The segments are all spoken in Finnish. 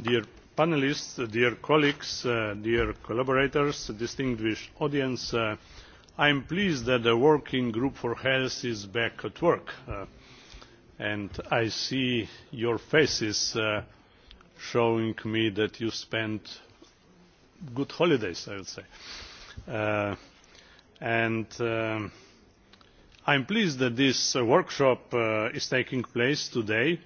dear panelists, dear colleagues uh, dear collaborators distinguished audience uh, i am pleased that the working group for health is back at work uh, and i see your faces uh, showing me that you spent good holidays i would say. Uh, and uh, i am pleased that this uh, workshop uh, is taking place today.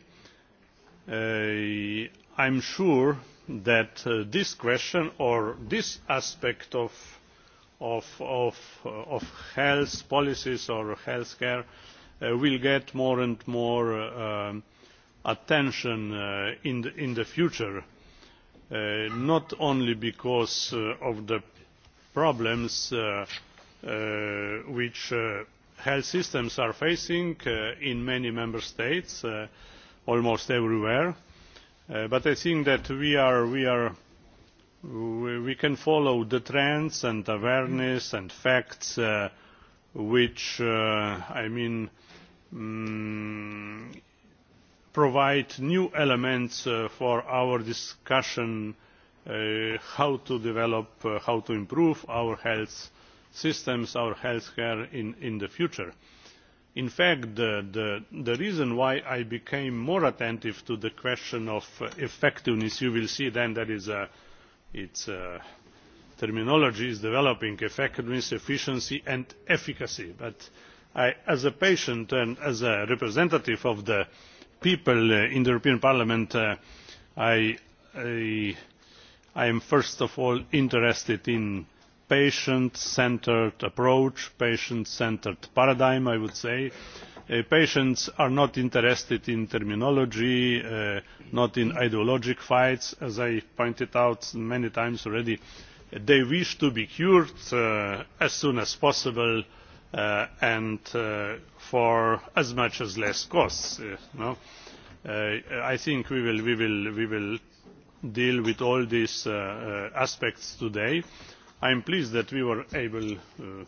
i am sure that this question or this aspect of, health policies or health care will get more and more um, attention in the future not only because of the problems Uh, which uh, health systems are facing uh, in many member states almost everywhere but i think that we can follow the trends and awareness and facts which mm, provide new elements for our discussion on how to develop how to improve our health systems our healthcare in, in the future. In fact, the, the, the reason why I became more attentive to the question of effectiveness, you will see then that is a, it's a terminology is developing effectiveness, efficiency and efficacy. But I, as a patient and as a representative of the people uh, in the European Parliament, uh, I, I, I am first of all interested in patient centred approach patient centred paradigm i would say. Uh, patients are not interested in terminology uh, not in ideological fights as i pointed out many times already. they wish to be cured uh, as soon as possible and for as much as less costs. No? i think we will deal with all these aspects today i am pleased that we were able uh,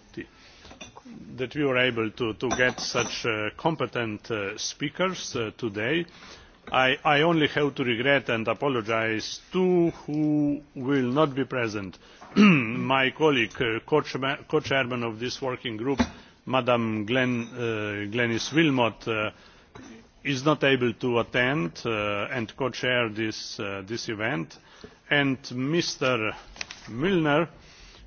to, get such uh, competent uh, speakers today. I, only have to regret and apologise to who will not be present. My colleague, co-chairman of this working group, ms Glenis willmott is not able to attend and co-chair this, this event. And Mr. Milner,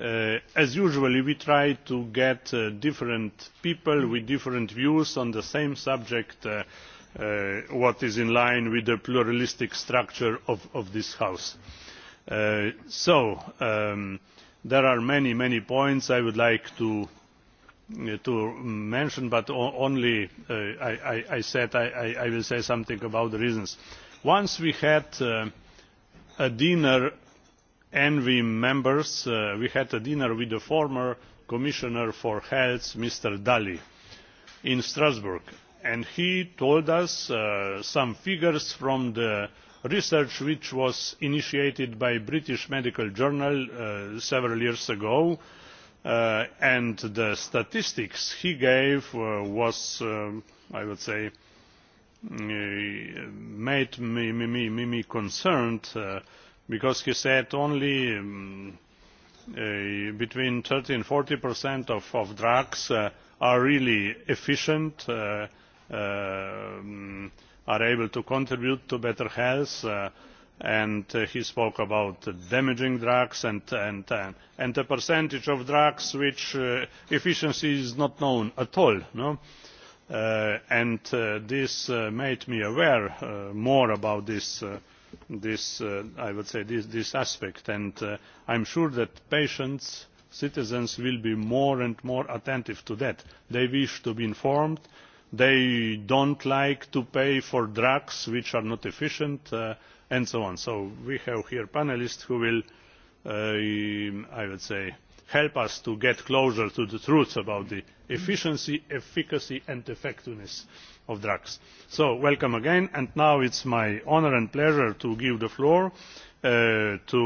Uh, as usual we try to get uh, different people with different views on the same subject which uh, what is in line with the pluralistic structure of, this house. so um, there are many many points i would like to, mention but only I, said i will say something about the reasons. once we had a dinner envi members uh, we had a dinner with the former commissioner for health mr dalli in strasbourg and he told us uh, some figures from the research which was initiated by a british medical journal uh, several years ago and the statistics he gave were i would say mm, made me concerned because he said only mm, eh, between 30 and 40 percent of, drugs eh, are really efficient, eh, mm, are able to contribute to better health, and he spoke about damaging drugs and, and, the percentage of drugs which efficiency is not known at all. No? and this made me aware more about this Uh, this aspect and uh, i am sure that patients and citizens will be more and more attentive to that. they wish to be informed they do not like to pay for drugs which are not efficient uh, and so on. so we have here panellists who will help us to get closer to the truth about the efficiency efficacy and effectiveness of drugs. so welcome again and now it is my honour and pleasure to give the floor uh, to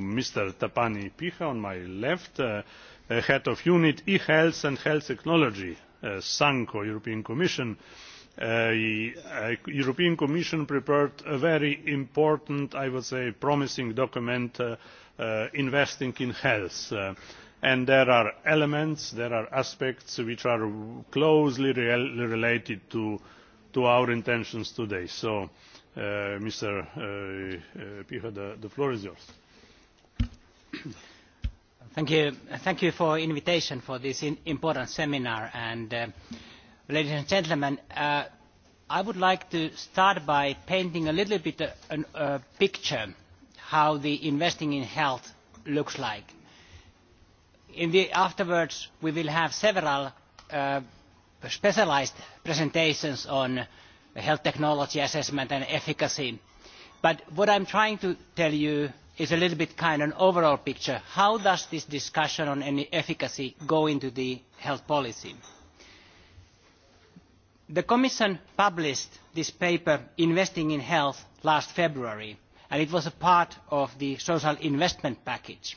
mr tapani piha on my left uh, head of unit e health and health technology uh, sanco european commission. the european commission prepared a very important i would say promising document investing in health' and there are elements there are aspects which are closely related to, our intentions today. so uh, mr uh, uh, pieper the, floor is yours. Thank you. thank you for the invitation for this important seminar and uh, ladies and gentlemen i would like to start by painting a little bit a picture of how the investing in health looks like The, afterwards we will have several uh, specialised presentations on health technology assessment and efficacy but what i am trying to tell you is a little bit kind of an overall picture how does this discussion on efficacy go into the health policy? the commission published this paper investing in health last february and it was a part of the social investment package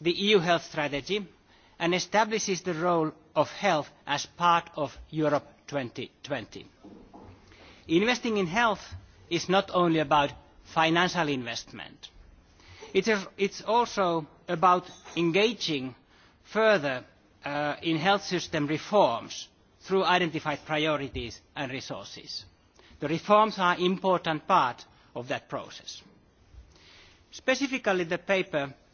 the eu health strategy and establishes the role of health as part of europe. two thousand and twenty investing in health is not only about financial investment it is also about engaging further uh, in health system reforms through identified priorities and resources. the reforms are an important part of that process. specifically the paper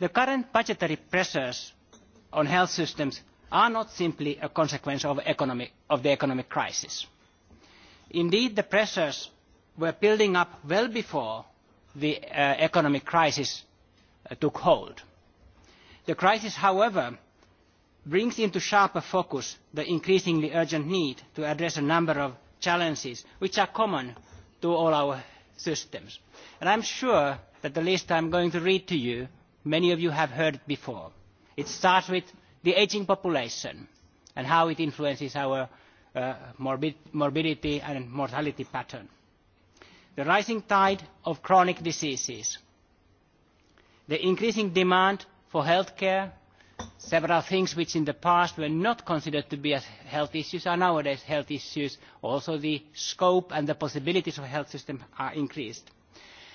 the current budgetary pressures on health systems are not simply a consequence of, economic, of the economic crisis. indeed the pressures were building up well before the uh, economic crisis uh, took hold. the crisis however brings into sharper focus the increasingly urgent need to address a number of challenges which are common to all our systems. i am sure that the list i am going to read to you many of you have heard it before. it starts with the ageing population and how it influences our uh, morbid morbidity and mortality pattern the rising tide of chronic diseases the increasing demand for health care several things which in the past were not considered to be as health issues are nowadays health issues also the scope and the possibilities of the health system are increased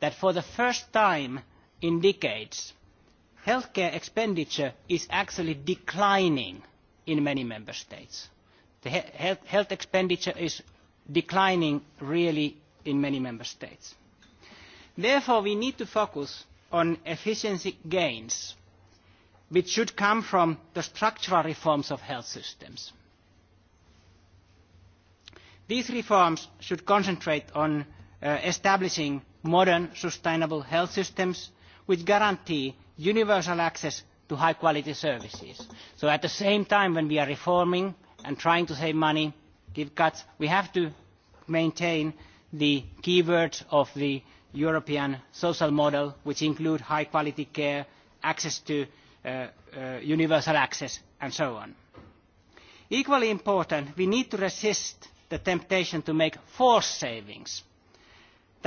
that for the first time in decades healthcare expenditure is actually declining in many member states. The health, health expenditure is declining really in many member states. Therefore, we need to focus on efficiency gains, which should come from the structural reforms of health systems. These reforms should concentrate on uh, establishing modern sustainable health systems which guarantee universal access to high quality services. so at the same time when we are reforming and trying to save money give cuts we have to maintain the key words of the european social model which include high quality care access to uh, uh, universal access and so on. equally important we need to resist the temptation to make forced savings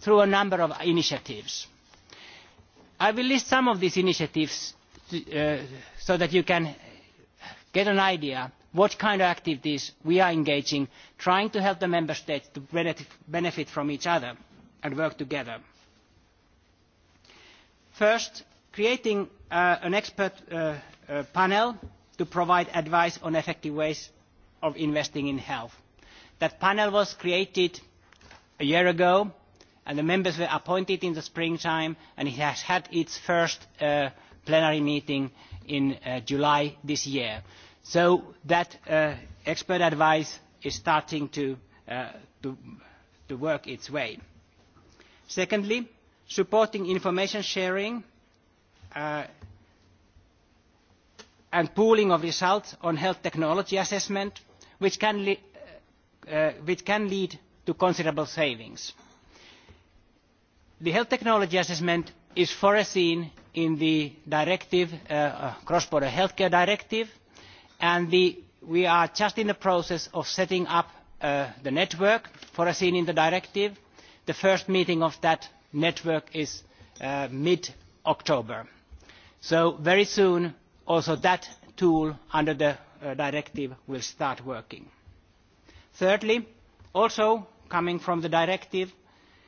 through a number of initiatives. I will list some of these initiatives uh, so that you can get an idea what kind of activities we are engaging, trying to help the member states to benefit, from each other and work together. First, creating uh, an expert uh, panel to provide advice on effective ways of investing in health. That panel was created a year ago and the members were appointed in the springtime and it has had its first uh, plenary meeting in uh, July this year. So that uh, expert advice is starting to, uh, to, to work its way. Secondly, supporting information sharing uh, and pooling of results on health technology assessment, which can, uh, which can lead to considerable savings the health technology assessment is foreseen in the uh, uh, cross-border healthcare directive, and we are just in the process of setting up uh, the network foreseen in the directive. The first meeting of that network is mid-October. So very soon, also that tool under the directive will start working. Thirdly, also coming from the directive,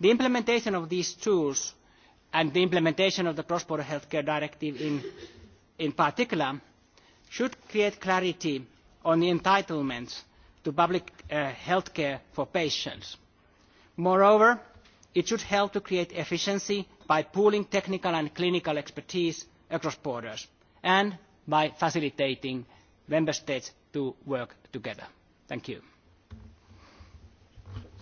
The implementation of these tools and the implementation of the cross-border healthcare directive in, particular should create clarity on the entitlements to public uh, healthcare health care for patients. Moreover, it should help to create efficiency by pooling technical and clinical expertise across borders and by facilitating member states to work together. Thank you.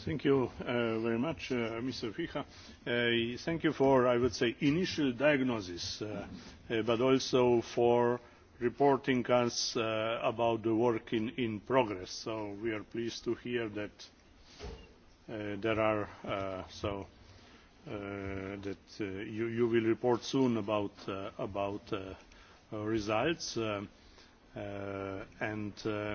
Thank you uh, very much, uh, Mr. Ficha. Uh, thank you for, I would say, initial diagnosis, uh, uh, but also for reporting us uh, about the work in, in progress. So we are pleased to hear that uh, there are uh, so uh, that uh, you, you will report soon about uh, about uh, results uh, uh, and. Uh,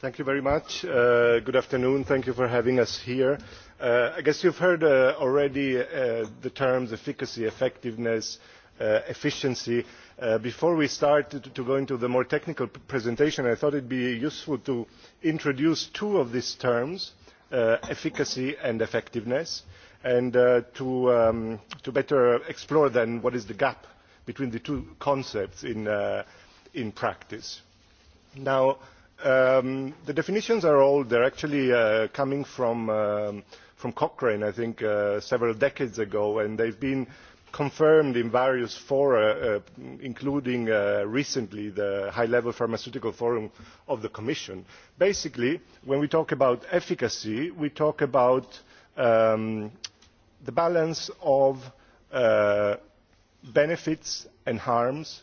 Thank you very much. Uh, good afternoon. Thank you for having us here. Uh, I guess you have heard uh, already the terms efficacy, effectiveness, uh, efficiency. before we start to, go into the more technical presentation, I thought it would be useful to introduce two of these terms, efficacy and effectiveness, and um, to, better explore then what is the gap between the two concepts in practice now um, the definitions are old they're actually uh, coming from um, from cochrane i think uh, several decades ago and they've been confirmed in various fora uh, including uh, recently the high level pharmaceutical forum of the commission basically when we talk about efficacy we talk about um, the balance of uh, benefits and harms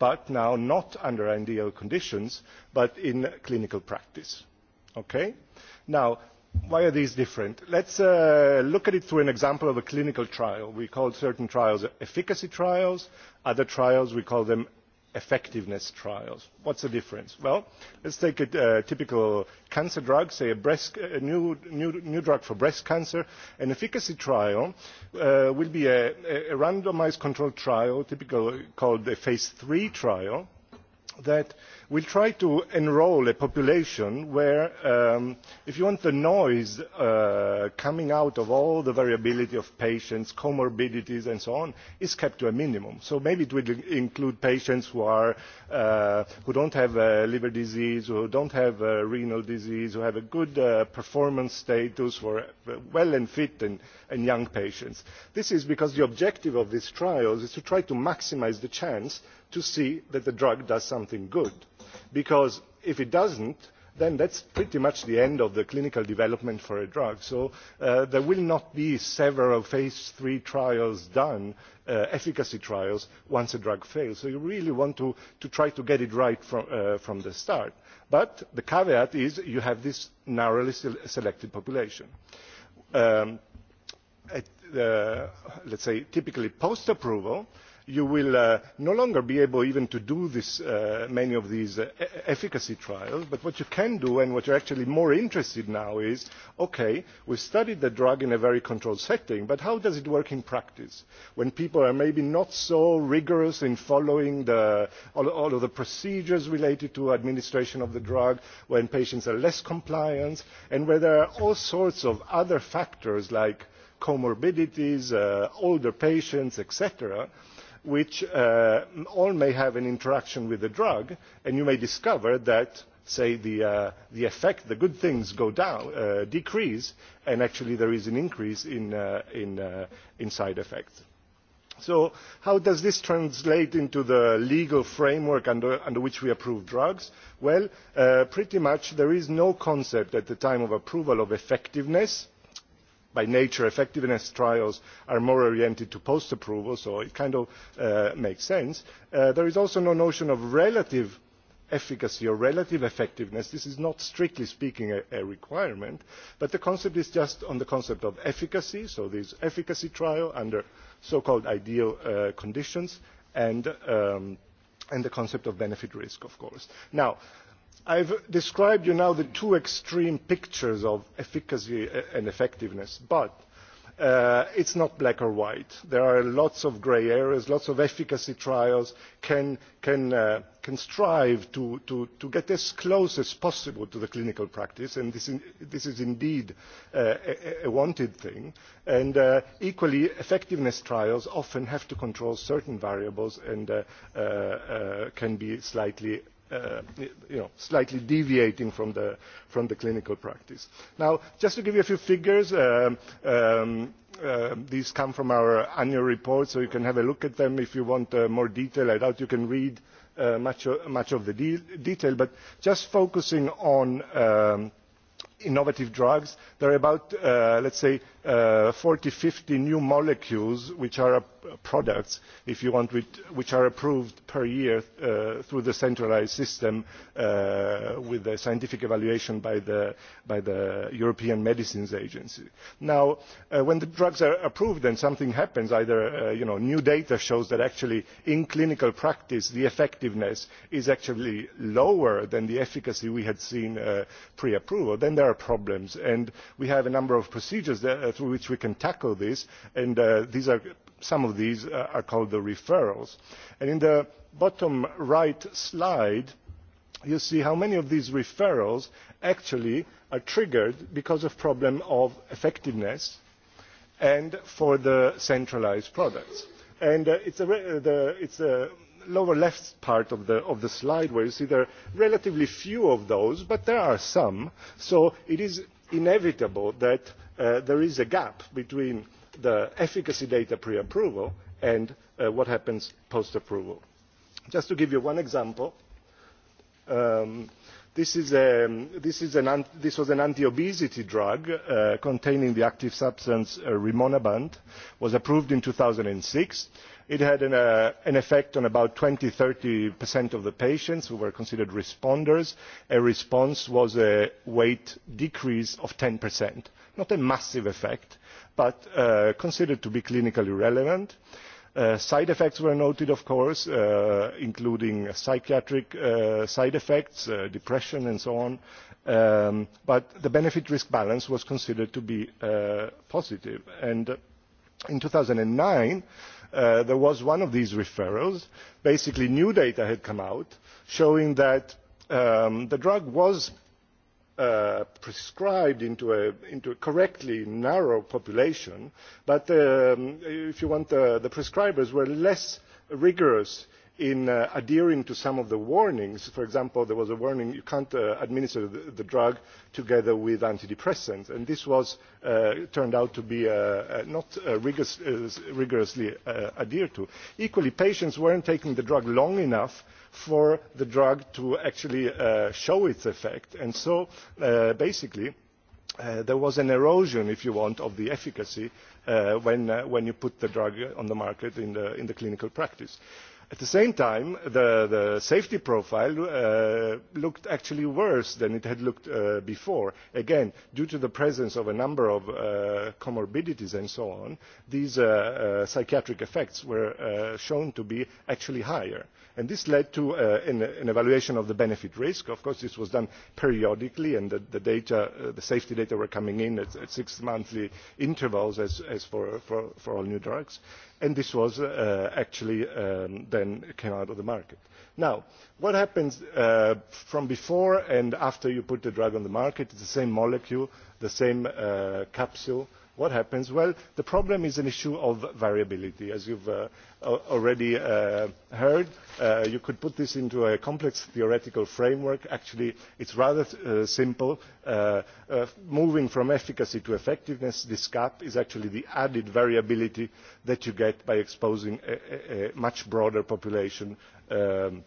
but now not under NDO conditions, but in clinical practice. Okay? Now, why are these different? Let's uh, look at it through an example of a clinical trial. We call certain trials efficacy trials. Other trials, we call them effectiveness trials. what is the difference? well let us take a typical cancer drug say a, new, drug for breast cancer. an efficacy trial uh, will be a randomised controlled trial typically called a phase three trial that will try to enrol a population where um, if you want the noise uh, coming out of all the variability of patients comorbidities and so on is kept to a minimum so maybe it will include patients who are not uh, who don't have uh, liver disease who don't have renal disease who have a good performance status are well and fit and, young patients this is because the objective of these trials is to try to maximise the chance to see that the drug does something good because if it does not then that is pretty much the end of the clinical development for a drug. So uh, there will not be several phase three trials done, uh, efficacy trials, once a drug fails. So you really want to, try to get it right uh, from, the start. But the caveat is you have this narrowly selected population. let um, us let's say typically post-approval, you will uh, no longer be able even to do uh, many of these uh, e-, efficacy trials, but what you can do and what you are actually more interested in now is, okay, we studied the drug in a very controlled setting, but how does it work in practice when people are maybe not so rigorous in following all, of the procedures related to administration of the drug, when patients are less compliant, and where there are all sorts of other factors like comorbidities, older patients, etc., which uh, all may have an interaction with the drug and you may discover that say the, uh, effect the good things go down uh, decrease and actually there is an increase in, side effects. so how does this translate into the legal framework under which we approve drugs? well pretty much there is no concept at the time of approval of effectiveness by nature effectiveness trials are more oriented to post approval so it kind of uh, makes sense. Uh, there is also no notion of relative efficacy or relative effectiveness. This is not strictly speaking a, requirement, but the concept is just on the concept of efficacy, so this efficacy trial under so-called ideal uh, conditions um, and, the concept of benefit risk, of course. Now, i have described to you now the two extreme pictures of efficacy and effectiveness but uh, it is not black or white. there are lots of grey areas lots of efficacy trials can uh, strive to get as close as possible to the clinical practice and this is indeed uh, a wanted thing and equally effectiveness trials often have to control certain variables and can be slightly Uh, you know, slightly deviating from the, from the clinical practice. Now, just to give you a few figures, um, um, uh, these come from our annual report, so you can have a look at them if you want uh, more detail. I doubt you can read uh, much, much of the de detail, but just focusing on um, innovative drugs, there are about, uh, let's say, Uh, forty or fifty new molecules which are products, if you want, which are approved per year uh, through the centralised system uh, with a scientific evaluation by the, European Medicines Agency. Now, when the drugs are approved and something happens, either new data shows that actually in clinical practice the effectiveness is actually lower than the efficacy we had seen pre-approval, then there are problems. And we have a number of procedures Uh, through which we can tackle this and uh, these are some of these uh, are called the referrals. And in the bottom right slide you see how many of these referrals actually are triggered because of problems of effectiveness and for the centralised products. And is it's, the, lower left part of the, of the slide where you see there are relatively few of those, but there are some. So it is inevitable that Uh, there is a gap between the efficacy data pre approval and uh, what happens post approval. just to give you one example um, um, this, was an anti obesity drug uh, containing the active substance rimonabant rimonabant was approved in two thousand and six it had uh, an, effect on about twenty thirty of the patients who were considered responders. a response was a weight decrease of ten not a massive effect but uh, considered to be clinically relevant. Uh, side effects were noted of course including psychiatric side effects depression and so on um, but the benefit risk balance was considered to be positive in two thousand and nine Uh, there was one of these referrals. Basically, new data had come out showing that um, the drug was uh, prescribed into a, correctly narrow population, but um, if you want, the, uh, the prescribers were less rigorous in uh, adhering to some of the warnings. For example, there was a warning you can't uh, administer the, drug together with antidepressants, and this was uh, turned out to be not rigorously adhered to. Equally, patients weren't taking the drug long enough for the drug to actually show its effect, and so basically. there was an erosion, if you want, of the efficacy when, you put the drug on the market in the, clinical practice at the same time the, safety profile uh, looked actually worse than it had looked uh, before again due to the presence of a number of uh, comorbidities and so on these psychiatric effects were shown to be actually higher and this led to an, evaluation of the benefit risk of course this was done periodically and the, data the safety data were coming in at, six monthly intervals as, for all new drugs and this was uh, actually um, then came out of the market. Now, what happens uh, from before and after you put the drug on the market? is the same molecule, the same uh, capsule, what happens? well the problem is an issue of variability as you have uh, already uh, heard. Uh, you could put this into a complex theoretical framework. actually it is rather simple. moving from efficacy to effectiveness this gap is actually the added variability that you get by exposing a much broader population um,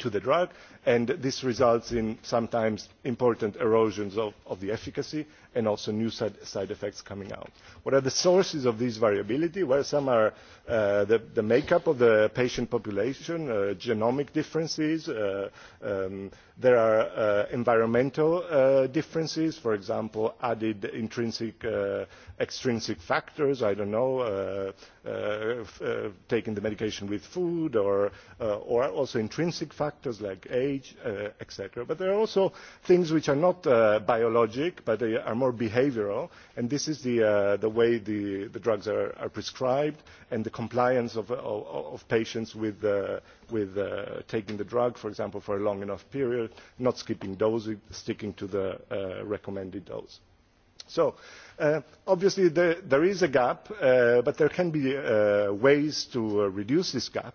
to the drug and this results in sometimes important erosions of the efficacy and also new side effects coming out. what are the sources of this variability? well some are uh, the, the make up of the patient population uh, genomic differences uh, um, there are uh, environmental uh, differences for example added intrinsic uh, extrinsic factors i do not know taking the medication with food or, or also intrinsic factors like age etc. but there are also things which are not biologic but they are more behavioural and this is the, uh, way the, drugs are, prescribed and the compliance of, patients with, uh, uh, taking the drug, for example, for a long enough period, not skipping doses, sticking to the recommended dose. So, obviously there, is a gap, but there can be ways to reduce this gap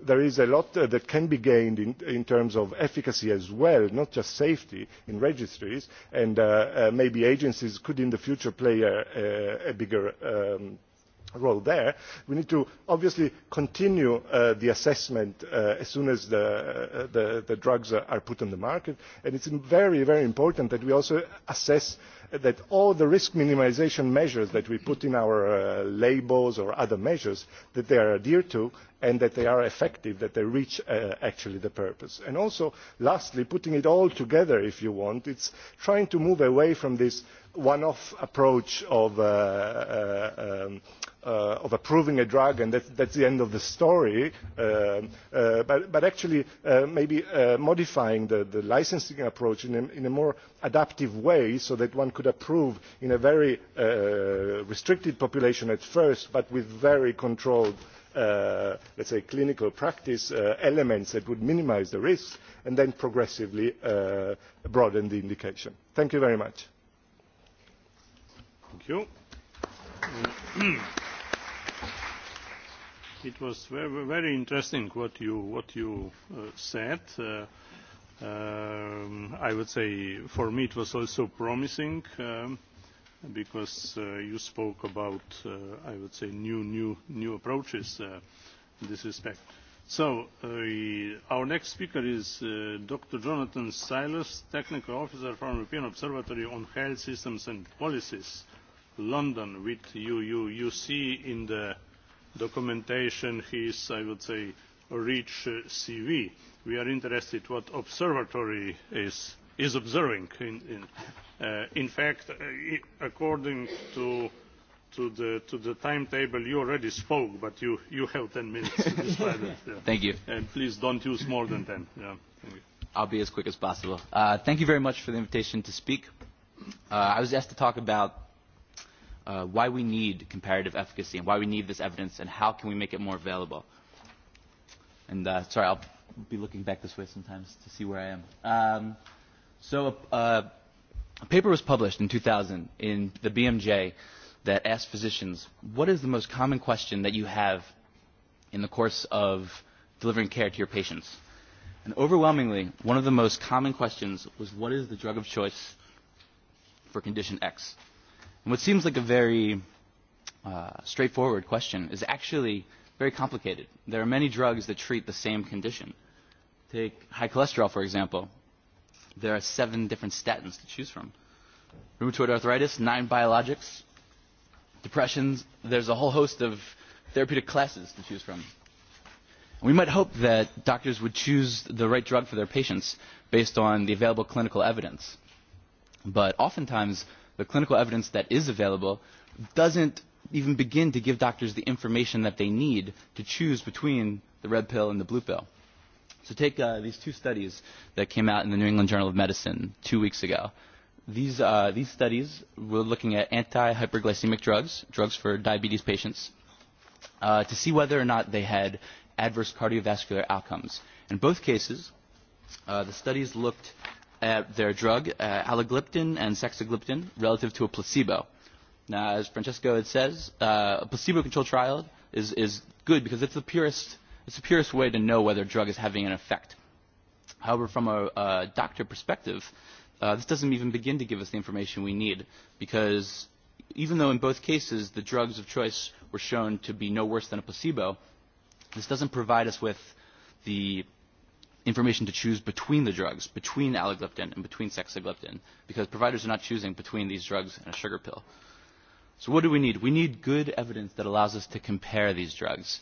there is a lot uh, that can be gained in, terms of efficacy as well not just safety in registries and uh, uh, maybe agencies could in the future play a, bigger role. Um, role there. We need to obviously continue uh, the assessment uh, as soon as the, uh, drugs are put on the market. And it's very, very important that we also assess that all the risk minimisation measures that we put in our labels or other measures, that they are adhered to and that they are effective, that they reach actually the purpose. And also, lastly, putting it all together, if you want, it's trying to move away from this one off approach uh, uh, um, uh, of, approving a drug and that is the end of the story um, but, actually maybe modifying the, licensing approach in a, more adaptive way so that one could approve in a very restricted population at first but with very controlled let us say clinical practice elements that would minimise the risk and then progressively broaden the indication. thank you very much you. it was very, very interesting what you, what you uh, said. Uh, um, I would say for me it was also promising um, because uh, you spoke about, uh, I would say, new, new, new approaches uh, in this respect. So uh, our next speaker is uh, Dr. Jonathan Silas, Technical Officer from European Observatory on Health Systems and Policies london with you. you, you see in the documentation his i would say rich uh, cv. we are interested in what the observatory is, is observing. in, in, uh, in fact uh, according to, to, the, to the timetable you already spoke but you, you have ten minutes to describe Yeah. thank you. and please don't use more than ten. Yeah. I'll be as quick as possible. Uh, thank you very much for the invitation to speak. Uh, I was asked to talk about uh, why we need comparative efficacy and why we need this evidence and how can we make it more available. And uh, sorry, I'll be looking back this way sometimes to see where I am. Um, so uh, a paper was published in 2000 in the BMJ that asked physicians, what is the most common question that you have in the course of delivering care to your patients? And overwhelmingly, one of the most common questions was, what is the drug of choice for condition X? And what seems like a very uh, straightforward question is actually very complicated. There are many drugs that treat the same condition. Take high cholesterol, for example. There are seven different statins to choose from. Rheumatoid arthritis, nine biologics. Depressions, there's a whole host of therapeutic classes to choose from. we might hope that doctors would choose the right drug for their patients based on the available clinical evidence. But oftentimes, the clinical evidence that is available doesn't even begin to give doctors the information that they need to choose between the red pill and the blue pill. So take uh, these two studies that came out in the New England Journal of Medicine two weeks ago. These, uh, these studies were looking at anti-hyperglycemic drugs, drugs for diabetes patients, uh, to see whether or not they had adverse cardiovascular outcomes. In both cases, uh, the studies looked uh, their drug uh, allogliptin and sexagliptin relative to a placebo. Now, as Francesco had says, uh, a placebo-controlled trial is, is good because it's the, purest, it's the purest way to know whether a drug is having an effect. However, from a, a doctor perspective, uh, this doesn't even begin to give us the information we need because even though in both cases the drugs of choice were shown to be no worse than a placebo, this doesn't provide us with the information to choose between the drugs, between allogliptin and between sexagliptin, because providers are not choosing between these drugs and a sugar pill. So what do we need? We need good evidence that allows us to compare these drugs.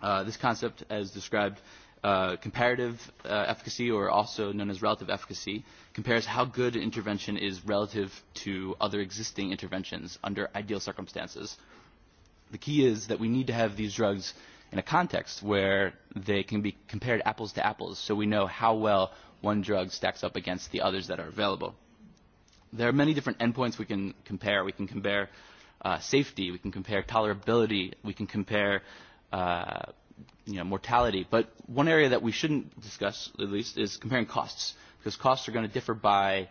Uh, this concept, as described, uh, comparative uh, efficacy, or also known as relative efficacy, compares how good an intervention is relative to other existing interventions under ideal circumstances. The key is that we need to have these drugs in a context where they can be compared apples to apples so we know how well one drug stacks up against the others that are available. There are many different endpoints we can compare. We can compare uh, safety, we can compare tolerability, we can compare uh, you know, mortality. But one area that we shouldn't discuss, at least, is comparing costs, because costs are going to differ by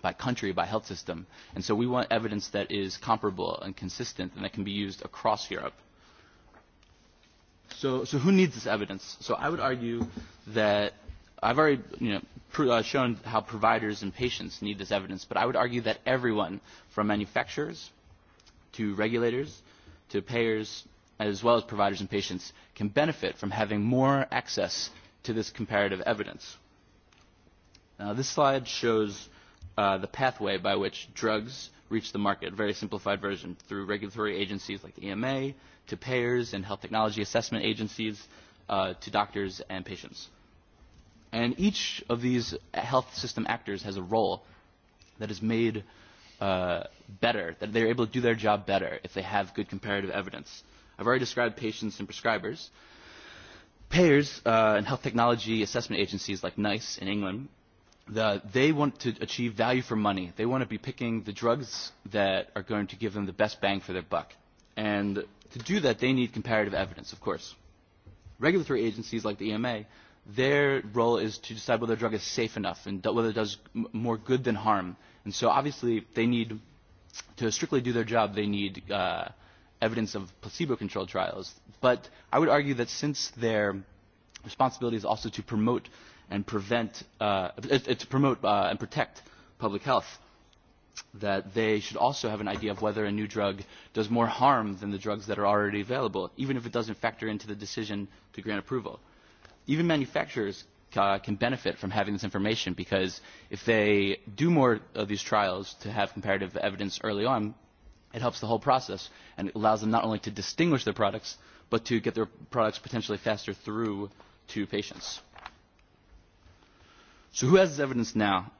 by country, by health system. And so we want evidence that is comparable and consistent and that can be used across Europe. So, so who needs this evidence? So I would argue that I've already you know, pr uh, shown how providers and patients need this evidence, but I would argue that everyone, from manufacturers to regulators to payers, as well as providers and patients, can benefit from having more access to this comparative evidence. Now, this slide shows uh, the pathway by which drugs reach the market, a very simplified version, through regulatory agencies like the EMA, to payers and health technology assessment agencies, uh, to doctors and patients. And each of these health system actors has a role that is made uh, better, that they're able to do their job better if they have good comparative evidence. I've already described patients and prescribers. Payers uh, and health technology assessment agencies like NICE in England they want to achieve value for money. They want to be picking the drugs that are going to give them the best bang for their buck. And to do that, they need comparative evidence, of course. Regulatory agencies like the EMA, their role is to decide whether a drug is safe enough and whether it does m more good than harm. And so obviously they need to strictly do their job, they need uh, evidence of placebo-controlled trials. But I would argue that since their responsibility is also to promote and prevent, uh, to promote uh, and protect public health, that they should also have an idea of whether a new drug does more harm than the drugs that are already available, even if it doesn't factor into the decision to grant approval. Even manufacturers uh, can benefit from having this information because if they do more of these trials to have comparative evidence early on, it helps the whole process and it allows them not only to distinguish their products, but to get their products potentially faster through to patients. So who has this evidence now?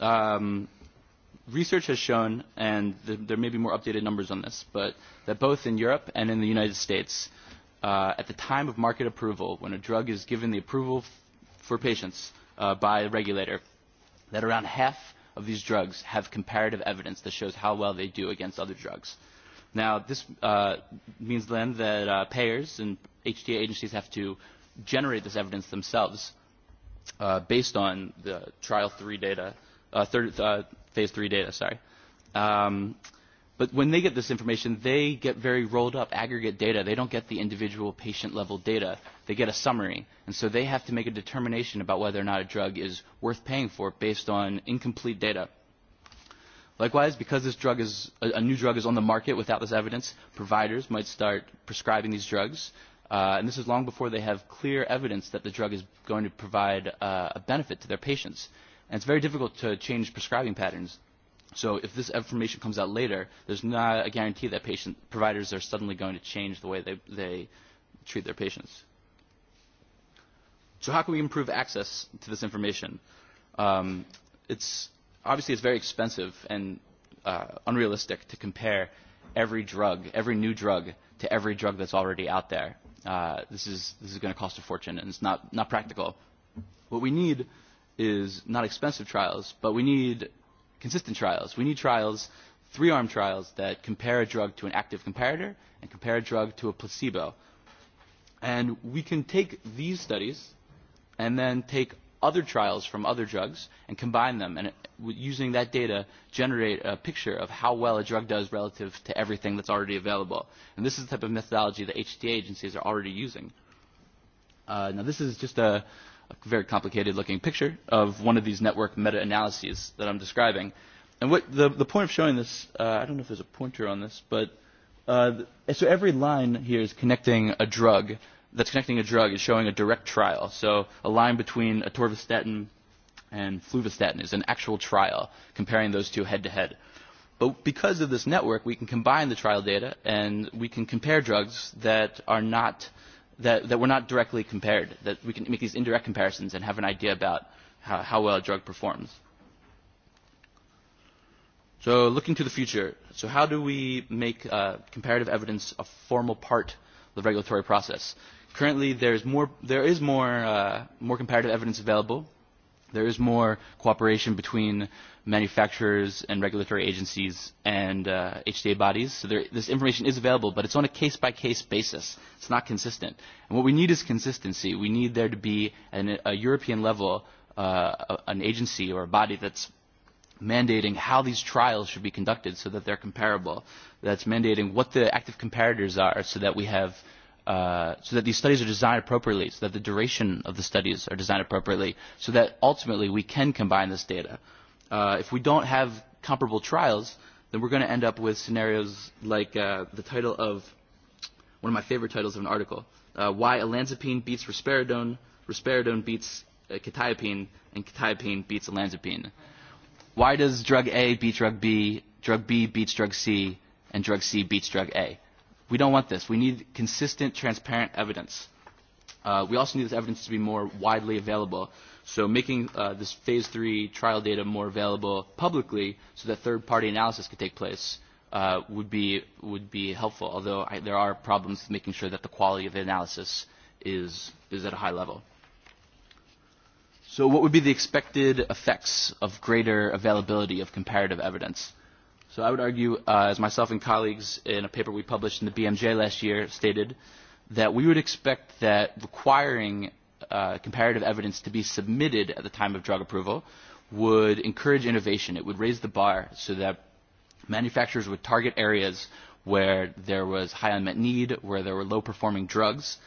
Um, research has shown, and th there may be more updated numbers on this, but that both in Europe and in the United States, uh, at the time of market approval, when a drug is given the approval for patients uh, by a regulator, that around half of these drugs have comparative evidence that shows how well they do against other drugs. Now, this uh, means then that uh, payers and HTA agencies have to generate this evidence themselves Uh, based on the trial three data, uh, third, uh, phase three data. Sorry, um, but when they get this information, they get very rolled up aggregate data. They don't get the individual patient level data. They get a summary, and so they have to make a determination about whether or not a drug is worth paying for based on incomplete data. Likewise, because this drug is a new drug is on the market without this evidence, providers might start prescribing these drugs Uh, and this is long before they have clear evidence that the drug is going to provide uh, a benefit to their patients. And it's very difficult to change prescribing patterns. So if this information comes out later, there's not a guarantee that patient providers are suddenly going to change the way they, they treat their patients. So how can we improve access to this information? Um, it's obviously it's very expensive and uh, unrealistic to compare every drug, every new drug, to every drug that's already out there uh, this is, this is going to cost a fortune and it's not, not practical. What we need is not expensive trials, but we need consistent trials. We need trials, three-arm trials, that compare a drug to an active comparator and compare a drug to a placebo. And we can take these studies and then take other trials from other drugs and combine them and using that data generate a picture of how well a drug does relative to everything that's already available. And this is the type of methodology that HTA agencies are already using. Uh, now this is just a, a very complicated looking picture of one of these network meta-analyses that I'm describing. And what the, the point of showing this, uh, I don't know if there's a pointer on this, but uh, so every line here is connecting a drug that's connecting a drug is showing a direct trial. So a line between atorvastatin and fluvastatin is an actual trial, comparing those two head to head. But because of this network, we can combine the trial data and we can compare drugs that are not that, that were not directly compared, that we can make these indirect comparisons and have an idea about how, how well a drug performs. So looking to the future, so how do we make uh, comparative evidence a formal part of the regulatory process? currently there's more, there is more, uh, more comparative evidence available. There is more cooperation between manufacturers and regulatory agencies and uh, HTA bodies. So there, this information is available, but it's on a case-by-case -case basis. It's not consistent. And what we need is consistency. We need there to be an, a European level, uh, a, an agency or a body that's mandating how these trials should be conducted so that they're comparable, that's mandating what the active comparators are so that we have Uh, so that these studies are designed appropriately, so that the duration of the studies are designed appropriately, so that ultimately we can combine this data. Uh, if we don't have comparable trials, then we're going to end up with scenarios like uh, the title of one of my favorite titles of an article, uh, Why Olanzapine Beats Risperidone, Risperidone Beats uh, Quetiapine, and Quetiapine Beats Olanzapine. Why does drug A beat drug B, drug B beats drug C, and drug C beats drug A? We don't want this. We need consistent, transparent evidence. Uh, we also need this evidence to be more widely available. So making uh, this phase three trial data more available publicly so that third-party analysis could take place uh, would, be, would be helpful, although I, there are problems with making sure that the quality of the analysis is, is at a high level. So what would be the expected effects of greater availability of comparative evidence? Uh, So I would argue, uh, as myself and colleagues in a paper we published in the BMJ last year stated, that we would expect that requiring uh, comparative evidence to be submitted at the time of drug approval would encourage innovation. It would raise the bar so that manufacturers would target areas where there was high unmet need, where there were low performing drugs.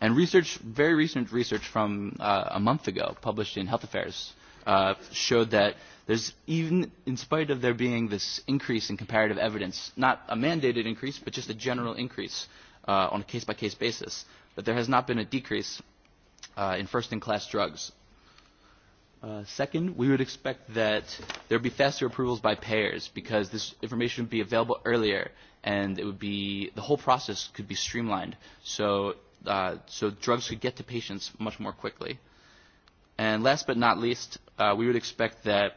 And research, very recent research from uh, a month ago, published in Health Affairs uh, showed that there's even, in spite of there being this increase in comparative evidence, not a mandated increase, but just a general increase uh, on a case-by-case -case basis, that there has not been a decrease uh, in first-in-class drugs. Uh, second, we would expect that there would be faster approvals by payers because this information would be available earlier and it would be, the whole process could be streamlined so, uh, so drugs could get to patients much more quickly. And last but not least, uh, we would expect that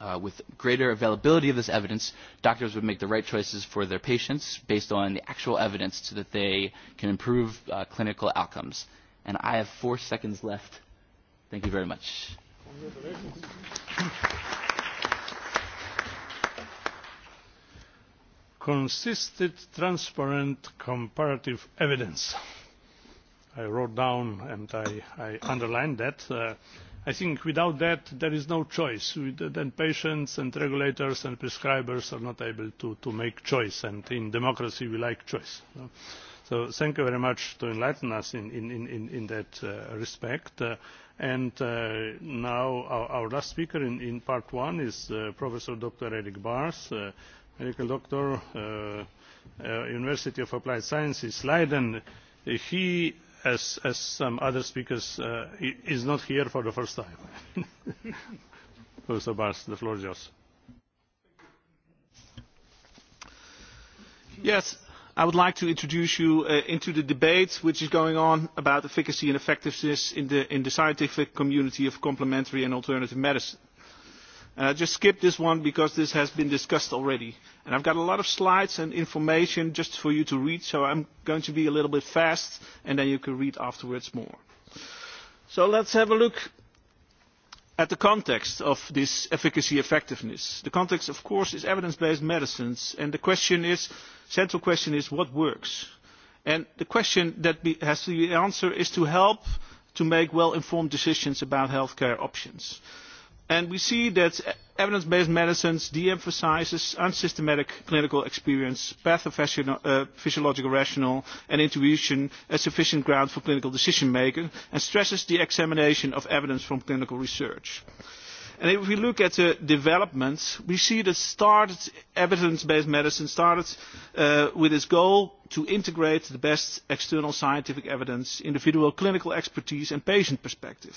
uh, with greater availability of this evidence, doctors would make the right choices for their patients based on the actual evidence so that they can improve uh, clinical outcomes. And I have four seconds left. Thank you very much. Consistent, transparent, comparative evidence i wrote down and i, I underlined that. Uh, i think without that there is no choice then patients and regulators and prescribers are not able to, to make choice and in democracy we like choice. No? so thank you very much for enlightening us in, in, in, in that uh, respect. Uh, and uh, now our, our last speaker in, in part one is uh, professor dr eric bars uh, medical doctor uh, university of applied sciences leiden. he as some other speakers uh, is not here for the first time. Professor Bars, the floor is yours. Yes, I would like to introduce you uh, into the debate which is going on about efficacy and effectiveness in the, in the scientific community of complementary and alternative medicine And I just skipped this one because this has been discussed already. And I've got a lot of slides and information just for you to read, so I'm going to be a little bit fast, and then you can read afterwards more. So let's have a look at the context of this efficacy effectiveness. The context, of course, is evidence-based medicines, and the question is, central question is, what works? And the question that be, has to be answered is to help to make well-informed decisions about healthcare options and we see that evidence based medicines de emphasises unsystematic clinical experience pathophysiological uh, rationale and intuition as sufficient ground for clinical decision making and stresses the examination of evidence from clinical research. And if we look at the developments, we see that started evidence-based medicine started uh, with its goal to integrate the best external scientific evidence, individual clinical expertise and patient perspective.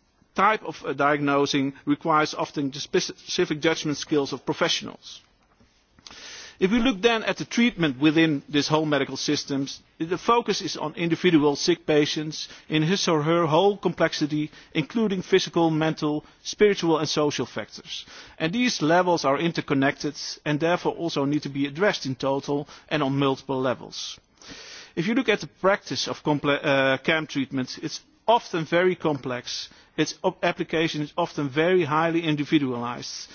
type of uh, diagnosing requires often the specific judgment skills of professionals. If we look then at the treatment within this whole medical system, the focus is on individual sick patients in his or her whole complexity, including physical, mental, spiritual and social factors. And these levels are interconnected and therefore also need to be addressed in total and on multiple levels. If you look at the practice of uh, CAM treatment, it's often very complex. Its application is often very highly individualised.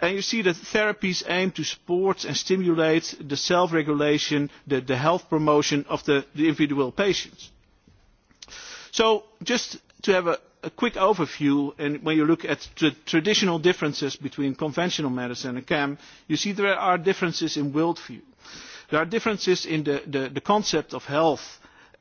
And you see that therapies aim to support and stimulate the self-regulation, the, the health promotion of the, individual patient. So just to have a, quick overview, and when you look at the traditional differences between conventional medicine and CAM, you see there are differences in world view. There are differences in the concept of health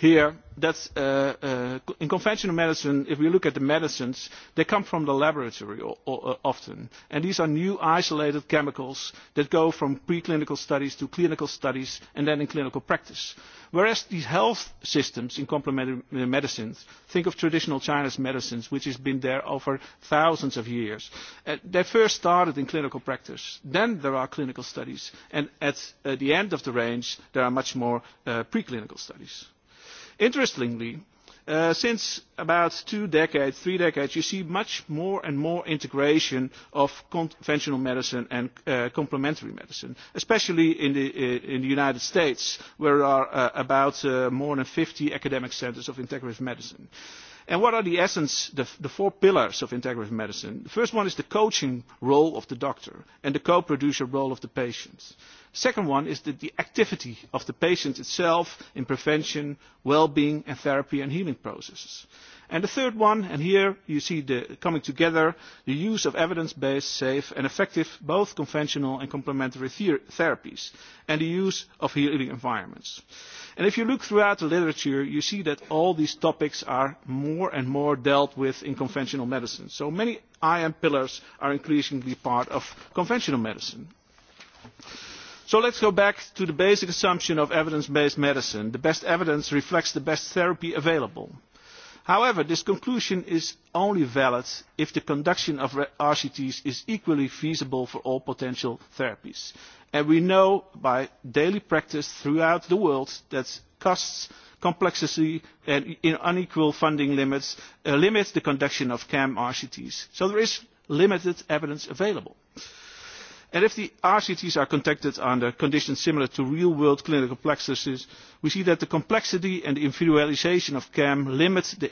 here that uh, uh, in conventional medicine if we look at the medicines they come from the laboratory uh, often and these are new isolated chemicals that go from preclinical studies to clinical studies and then in clinical practice whereas these health systems in complementary medicines think of traditional chinese medicines which has been there over thousands of years they first started in clinical practice then there are clinical studies and at the end of the range there are much more pre preclinical studies Interestingly, uh, since about two decades, three decades, you see much more and more integration of conventional medicine and uh, complementary medicine, especially in the, uh, in the United States, where there are uh, about uh, more than 50 academic centers of integrative medicine. Uh, And what are the essence, the, the four pillars of integrative medicine? The first one is the coaching role of the doctor and the co-producer role of the patients. Second one is the, the activity of the patient itself in prevention, well-being and therapy and healing processes. And the third one, and here you see the coming together, the use of evidence-based, safe and effective both conventional and complementary ther therapies and the use of healing environments. And if you look throughout the literature, you see that all these topics are more and more dealt with in conventional medicine. So many IM pillars are increasingly part of conventional medicine. So let's go back to the basic assumption of evidence-based medicine. The best evidence reflects the best therapy available. However, this conclusion is only valid if the conduction of RCTs is equally feasible for all potential therapies and we know by daily practice throughout the world that costs complexity and unequal funding limits uh, limit the conduction of cam rcts so there is limited evidence available. if the rcts are conducted under conditions similar to real world clinical practices we see that the complexity and individualisation of cam limit the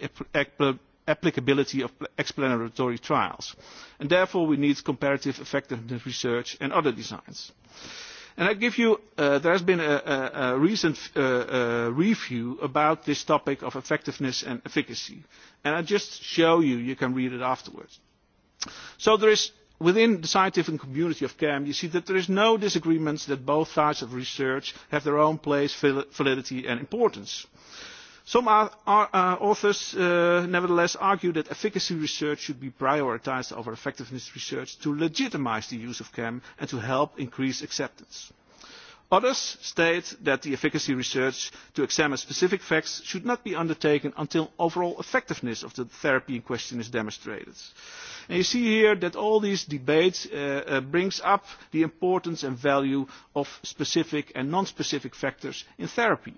applicability of explanatory trials. And therefore, we need comparative effectiveness research and other designs. And I give you, uh, there has been a, a, a recent uh, uh, review about this topic of effectiveness and efficacy. And I just show you, you can read it afterwards. So there is, within the scientific community of CAM, you see that there is no disagreement that both sides of research have their own place, validity and importance. Uh, Some are, are, uh, authors, uh, nevertheless, argue that efficacy research should be prioritized over effectiveness research to legitimize the use of CAM and to help increase acceptance. Others state that the efficacy research to examine specific facts should not be undertaken until overall effectiveness of the therapy in question is demonstrated. And you see here that all these debates uh, uh, brings up the importance and value of specific and non-specific factors in therapy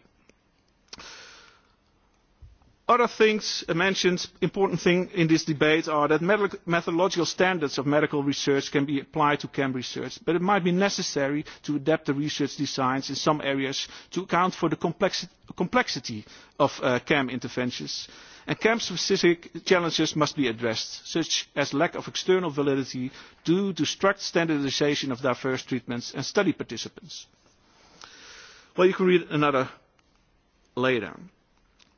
Other things mentioned, important thing in this debate are that methodological standards of medical research can be applied to CAM research, but it might be necessary to adapt the research designs in some areas to account for the complexity of uh, interventions. And CAM-specific challenges must be addressed, such as lack of external validity due to strict standardisation of diverse treatments and study participants. Well, you can read another later.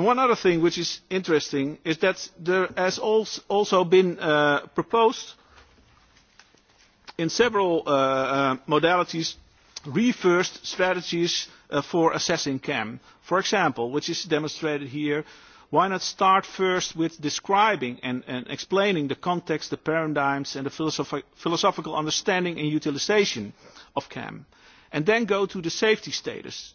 one other thing which is interesting is that there has also been uh, proposed in several uh, uh, modalities reversed strategies for assessing CAM. For example, which is demonstrated here, why not start first with describing and, explaining the context, the paradigms and the philosophical understanding and utilisation of CAM, and then go to the safety status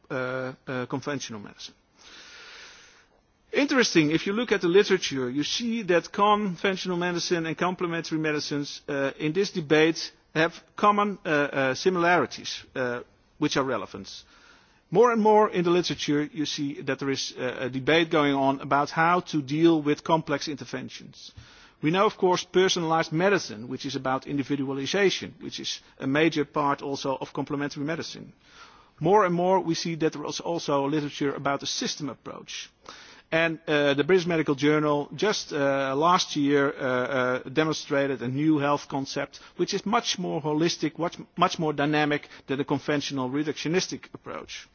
uh, uh, conventional medicine. Interesting, if you look at the literature, you see that conventional medicine and complementary medicines uh, in this debate have common uh, uh, similarities uh, which are relevant. More and more in the literature, you see that there is uh, a debate going on about how to deal with complex interventions. We know, of course, personalized medicine, which is about individualization, which is a major part also of complementary medicine. More and more, we see that there is also literature about a system approach. And uh, the British Medical Journal just uh, last year uh, uh, demonstrated a new health concept, which is much more holistic, much, much more dynamic than the conventional reductionistic approach.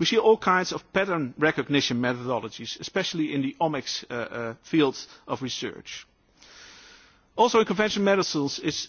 We see all kinds of pattern recognition methodologies, especially in the omics uh, uh, fields of research. Also in conventional medicines, it's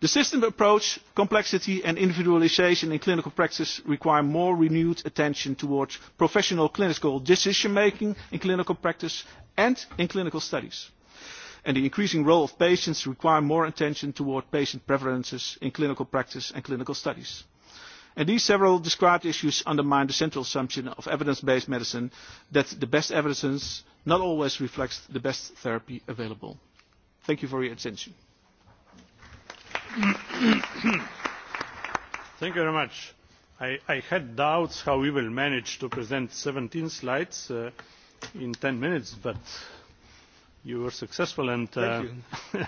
the system approach complexity and individualisation in clinical practice require more renewed attention towards professional clinical decision making in clinical practice and in clinical studies and the increasing role of patients requires more attention towards patient preferences in clinical practice and clinical studies. And these several described issues undermine the central assumption of evidence-based medicine that the best evidence not always reflects the best therapy available. Thank you for your attention. thank you very much. I, had doubts how we will manage to present seventeen slides uh, in ten minutes but you were successful and uh,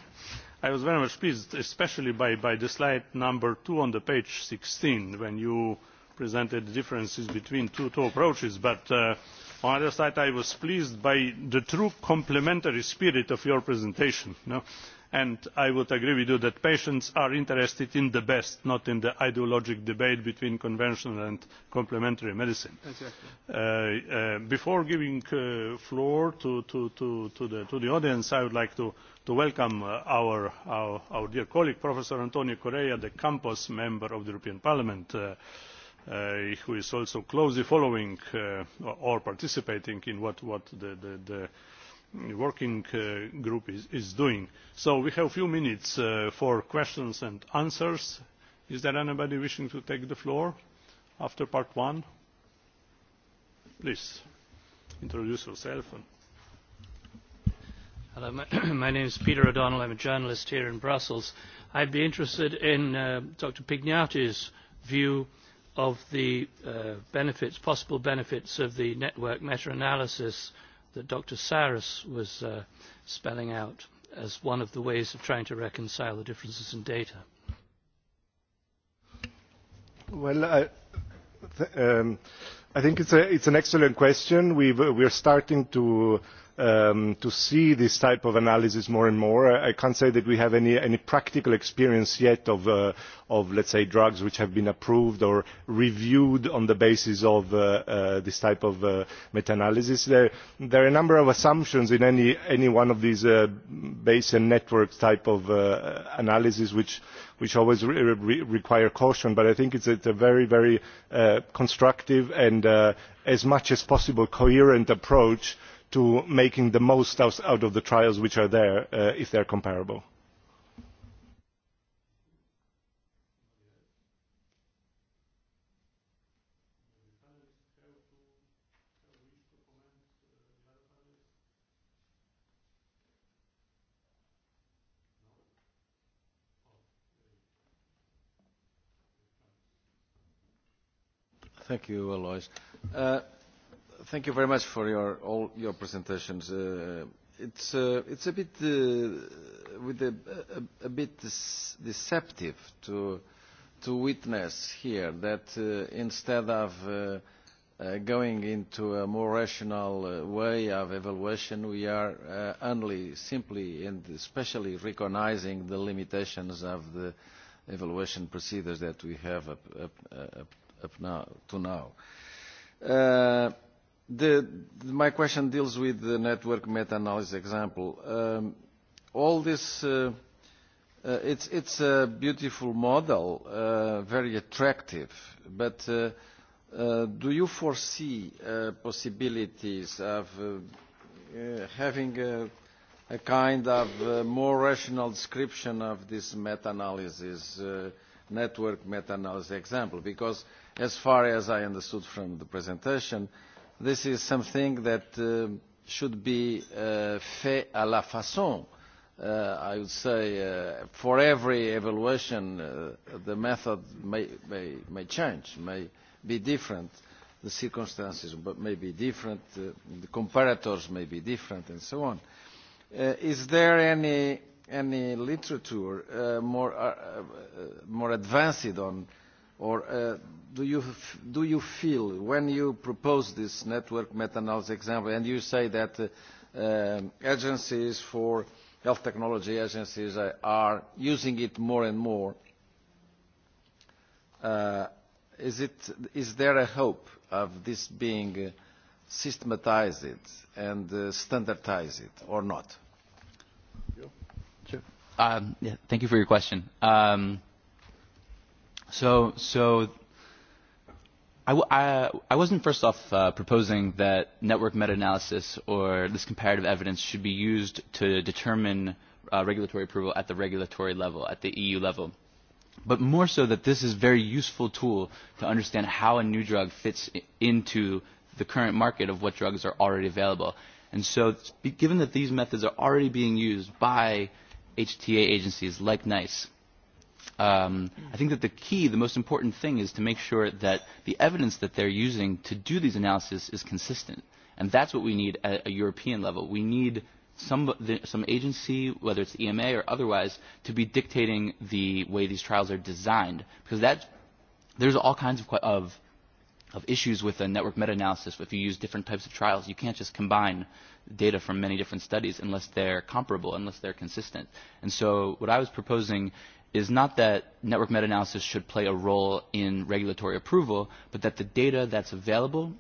i was very much pleased especially by, the slide number two on page sixteen when you presented the differences between the two, approaches but uh, on the other side i was pleased by the true complementary spirit of your presentation and i would agree with you that patients are interested in the best not in the ideological debate between conventional and complementary medicine. Uh, uh, before giving uh, the floor to the audience i would like to welcome our dear colleague professor antonio correia de campos member of the european parliament who is also closely following or participating in what the working uh, group is, doing. so we have a few minutes uh, for questions and answers. is there anybody wishing to take the floor after part one? please introduce yourself. Hello, my, my name is Peter O'Donnell. I'm a journalist here in Brussels. I'd be interested in uh, Dr. Pignati's view of the uh, benefits, possible benefits of the network meta-analysis uh, that Dr. Saris was uh, spelling out as one of the ways of trying to reconcile the differences in data? Well, I, th um, I think it's, a, it's an excellent question. We've, we're starting to um, to see this type of analysis more and more. I can't say that we have any, any practical experience yet of, uh, of, let's say, drugs which have been approved or reviewed on the basis of uh, uh, this type of uh, meta-analysis. There, there are a number of assumptions in any, any one of these uh, base and network type of uh, analysis which, which always re re require caution, but I think it's, it's a very, very uh, constructive and uh, as much as possible coherent approach to making the most out of the trials which are there uh, if they are comparable. Thank you, Alois. Uh, Thank you very much for your, all your presentations. Uh, it's, uh, it's a bit, uh, with a, a, a bit deceptive to, to witness here that uh, instead of uh, uh, going into a more rational uh, way of evaluation, we are uh, only simply and especially recognizing the limitations of the evaluation procedures that we have up, up, up, up now, to now. Uh, The, my question deals with the network meta-analysis example. Um, all this, uh, uh, it's, it's a beautiful model, uh, very attractive, but uh, uh, do you foresee uh, possibilities of uh, uh, having a, a kind of uh, more rational description of this meta-analysis, uh, network meta-analysis example? Because as far as I understood from the presentation, this is something that uh, should be uh, fait à la façon. Uh, I would say for every evaluation, the method may, may, may change, may be different. The circumstances may be different, the comparators may be different, and so on. is there any, any literature more, more advanced on or uh, do, you do you feel when you propose this network meta-analysis example and you say that uh, uh, agencies for health technology agencies are using it more and more, is, it, is there a hope of this being systematised systematized and standardised standardized or not? Sure. Um, yeah, thank you for your question. Um, So, so I, w- I, I wasn't first off uh, proposing that network meta-analysis or this comparative evidence should be used to determine uh, regulatory approval at the regulatory level, at the EU level. But more so that this is a very useful tool to understand how a new drug fits I- into the current market of what drugs are already available. And so given that these methods are already being used by HTA agencies like NICE, uh, um, I think that the key, the most important thing is to make sure that the evidence that they're using to do these analyses is consistent. And that's what we need at a European level. We need some, the, some agency, whether it's the EMA or otherwise, to be dictating the way these trials are designed. Because that's, there's all kinds of, of of issues with a network meta-analysis if you use different types of trials. You can't just combine data from many different studies unless they're comparable, unless they're consistent. And so what I was proposing is not that network meta-analysis should play a role in regulatory approval, but that the data that's available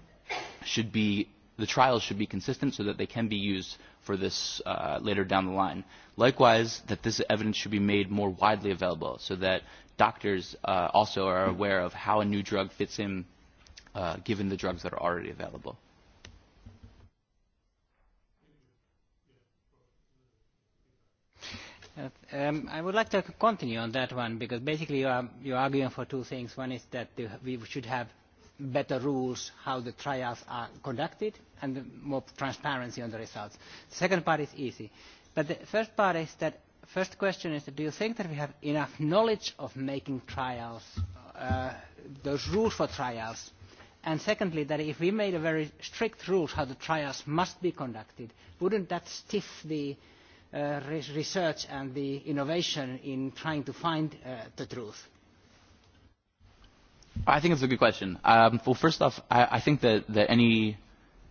should be, the trials should be consistent so that they can be used for this uh, later down the line. Likewise, that this evidence should be made more widely available so that doctors uh, also are aware of how a new drug fits in uh, given the drugs that are already available. Uh, um, I would like to continue on that one because basically you are, you're arguing for two things. One is that the, we should have better rules how the trials are conducted and more transparency on the results. The second part is easy. But the first part is that first question is that do you think that we have enough knowledge of making trials, uh, those rules for trials and secondly that if we made very strict rules on how the trials must be conducted would that not stiff the uh, research and the innovation in trying to find uh, the truth? I think it's a good question. Um, well, first off, I, I think that, that any,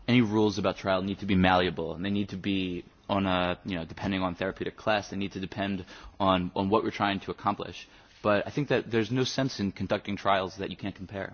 any rules about trial need to be malleable and they need to be on a, you know, depending on therapeutic class, they need to depend on, on what we're trying to accomplish. But I think that there's no sense in conducting trials that you can't compare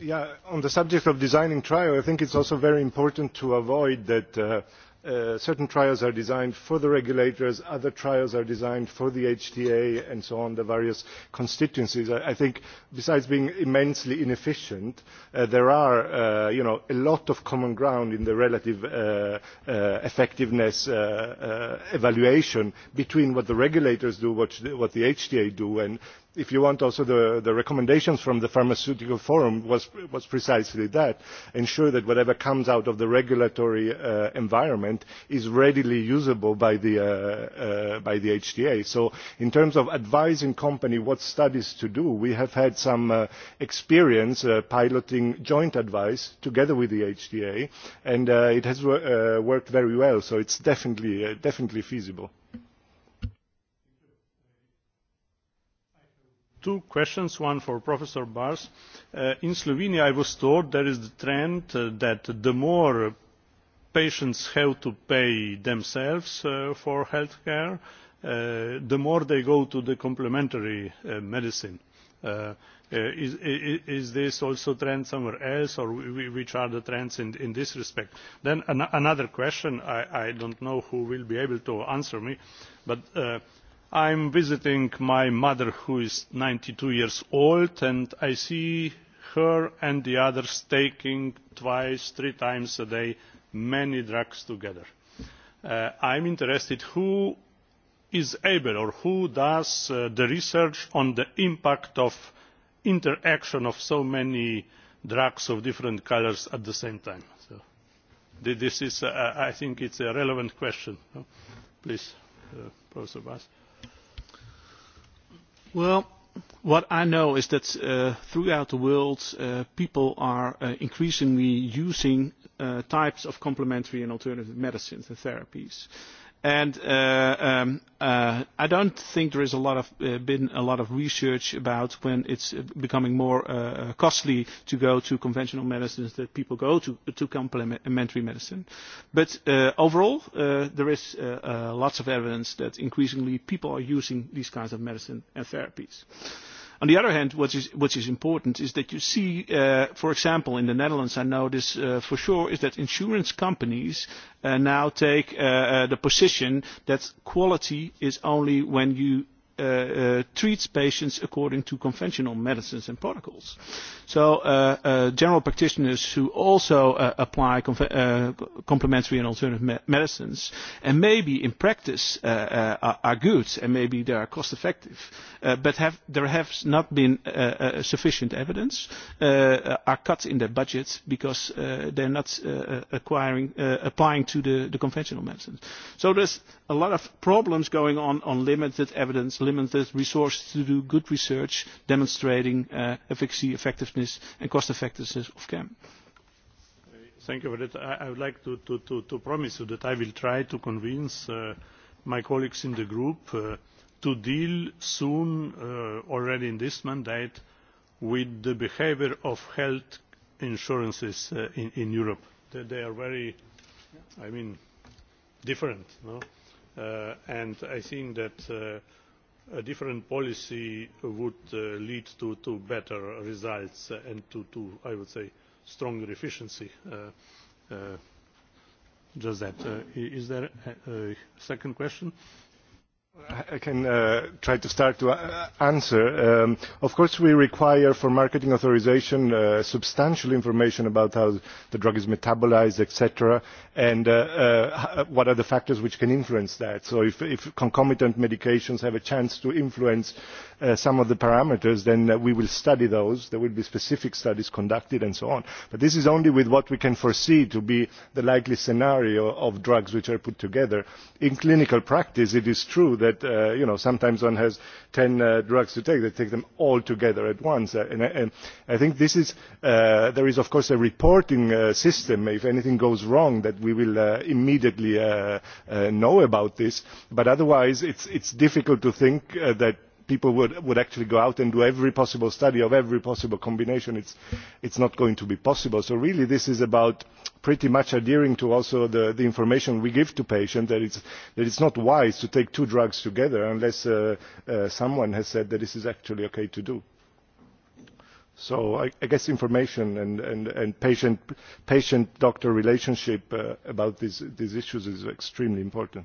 Yeah, on the subject of designing trials i think it is also very important to avoid that uh, uh, certain trials are designed for the regulators other trials are designed for the hta and so on the various constituencies. i, I think besides being immensely inefficient uh, there are uh, you know, a lot of common ground in the relative uh, uh, effectiveness uh, uh, evaluation between what the regulators do and what, what the hta do and if you want also the, recommendations from the pharmaceutical forum was, precisely that ensure that whatever comes out of the regulatory uh, environment is readily usable by the, hta. Uh, uh, so in terms of advising companies what studies to do we have had some experience piloting joint advice together with the hta and it has worked very well so it is definitely feasible. two questions one for professor bars. Uh, in slovenia i was told there is the trend uh, that the more patients have to pay themselves uh, for health care uh, the more they go to the complementary uh, medicine. Uh, is, is this also a trend somewhere else or which are the trends in, in this respect? then an another question i, I do not know who will be able to answer me but i am visiting my mother who is ninety two years old and i see her and the others taking twice three times a day many drugs together. Uh, i am interested in who is able or who does uh, the research on the impact of interaction of so many drugs of different colours at the same time. this is, i think a relevant question. please professor uh, bas. Well, what I know is that uh, throughout the world, uh, people are uh, increasingly using uh, types of complementary and alternative medicines and therapies. Uh, And uh, um, uh, I don't think there is a lot of uh, been a lot of research about when it's becoming more uh, costly to go to conventional medicines that people go to to complementary medicine. But uh, overall, uh, there is uh, uh, lots of evidence that increasingly people are using these kinds of medicine and therapies. Uh, on the other hand, what is, what is important is that you see, uh, for example, in the Netherlands, I know this uh, for sure, is that insurance companies uh, now take uh, uh, the position that quality is only when you Uh, uh, treats patients according to conventional medicines and protocols. So uh, uh, general practitioners who also uh, apply uh, complementary and alternative me medicines and maybe in practice uh, uh, are, are good and maybe they are cost effective, uh, but have, there has not been uh, uh, sufficient evidence, uh, are cut in their budgets because uh, they're not uh, uh, acquiring, uh, applying to the, the conventional medicines. So there's a lot of problems going on on limited evidence limited resources to do good research demonstrating uh, efficacy, effectiveness and cost effectiveness of CAM. Thank you for that. I, I would like to, to, to, to promise you that I will try to convince uh, my colleagues in the group uh, to deal soon, uh, already in this mandate, with the behaviour of health insurances uh, in, in Europe. They, they are very, I mean, different. No? Uh, and I think that uh, a different policy would uh, lead to, better results and to i would say stronger efficiency. Uh, uh, just that. is there a second question? I can uh, try to start to uh, answer. Um, of course, we require for marketing authorization uh, substantial information about how the drug is metabolized, etc., and uh, uh, what are the factors which can influence that. So if, if concomitant medications have a chance to influence uh, some of the parameters, then uh, we will study those. There will be specific studies conducted and so on. But this is only with what we can foresee to be the likely scenario of drugs which are put together. In clinical practice, it is true that that uh, you know sometimes one has ten uh, drugs to take they take them all together at once uh, and, and i think this is uh, there is of course a reporting uh, system if anything goes wrong that we will uh, immediately uh, uh, know about this but otherwise it's it's difficult to think uh, that people would, actually go out and do every possible study of every possible combination it is not going to be possible. so really this is about pretty much adhering to also the, information we give to patients that it is not wise to take two drugs together unless uh, uh, someone has said that this is actually okay to do. so i, guess information and, patient, doctor relationship uh, about these issues is extremely important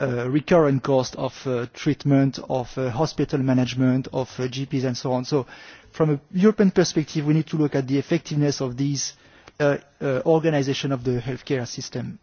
uh, recurrent cost of uh, treatment, of uh, hospital management, of uh, GPs and so on. So from a European perspective, we need to look at the effectiveness of these uh, uh, organization of the healthcare system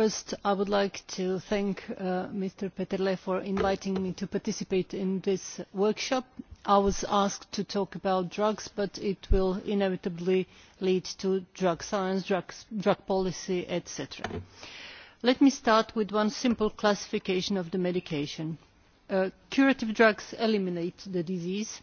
first i would like to thank uh, mr peterle for inviting me to participate in this workshop. i was asked to talk about drugs but it will inevitably lead to drug science drug policy etc. let me start with one simple classification of the medication. Uh, curative drugs eliminate the disease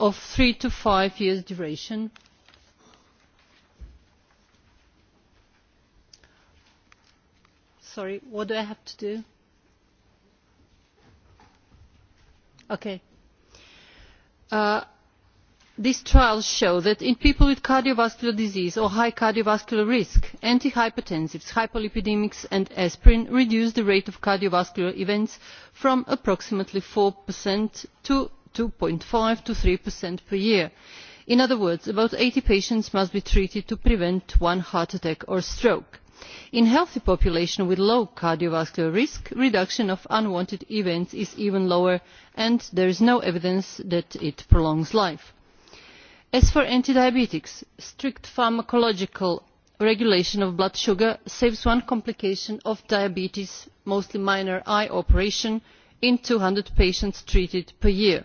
of three to five years duration. Sorry, what do I have to do? Okay. Uh, these trials show that in people with cardiovascular disease or high cardiovascular risk antihypertensives hypolipidemics and aspirin reduce the rate of cardiovascular events from approximately four to two five to three per year. in other words about eighty patients must be treated to prevent one heart attack or stroke. in a healthy population with low cardiovascular risk reduction of unwanted events is even lower and there is no evidence that it prolongs life. as for anti diabetics strict pharmacological regulation of blood sugar saves one complication of diabetes mostly minor eye operation in two hundred patients treated per year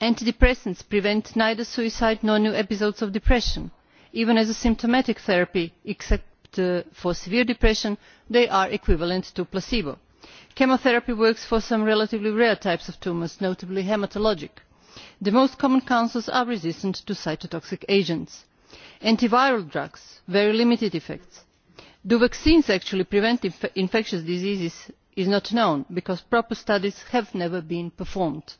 antidepressants prevent neither suicide nor new episodes of depression. even as a symptomatic therapy except uh, for severe depression they are equivalent to placebo. chemotherapy works for some relatively rare types of tumours notably haematologic. the most common cancers are resistant to cytotoxic agents. antiviral drugs very limited effects. do vaccines actually prevent inf infectious diseases is not known because proper studies have never been performed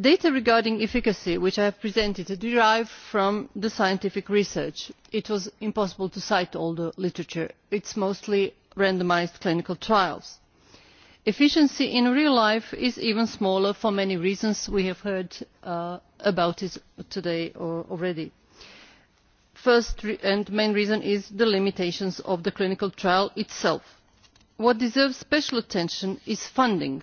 data regarding efficacy which i have presented are derived from scientific research. it was impossible to cite all the literature it is mostly randomised clinical trials. efficiency in real life is even smaller for many reasons we have heard uh, about it today already. the first and main reason is the limitations of the clinical trial itself. what deserves special attention is funding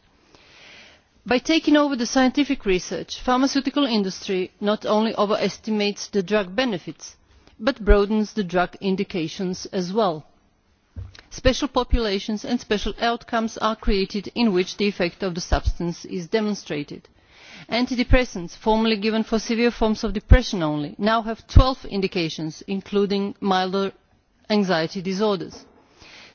by taking over the scientific research the pharmaceutical industry not only overestimates the drug benefits but broadens the drug indications as well. special populations and special outcomes are created in which the effect of the substance is demonstrated. antidepressants formerly given for severe forms of depression only now have twelve indications including milder anxiety disorders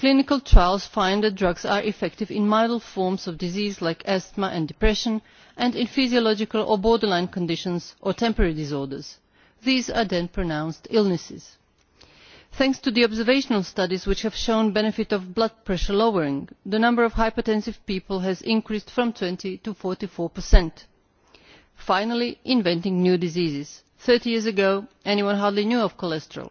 clinical trials find that drugs are effective in mild forms of disease like asthma and depression and in physiological or borderline conditions or temporary disorders. these are then pronounced illnesses. thanks to the observational studies which have shown the benefit of blood pressure lowering the number of hypertensive people has increased from 20 to. 44%. finally inventing new diseases. thirty years ago anyone hardly knew of cholesterol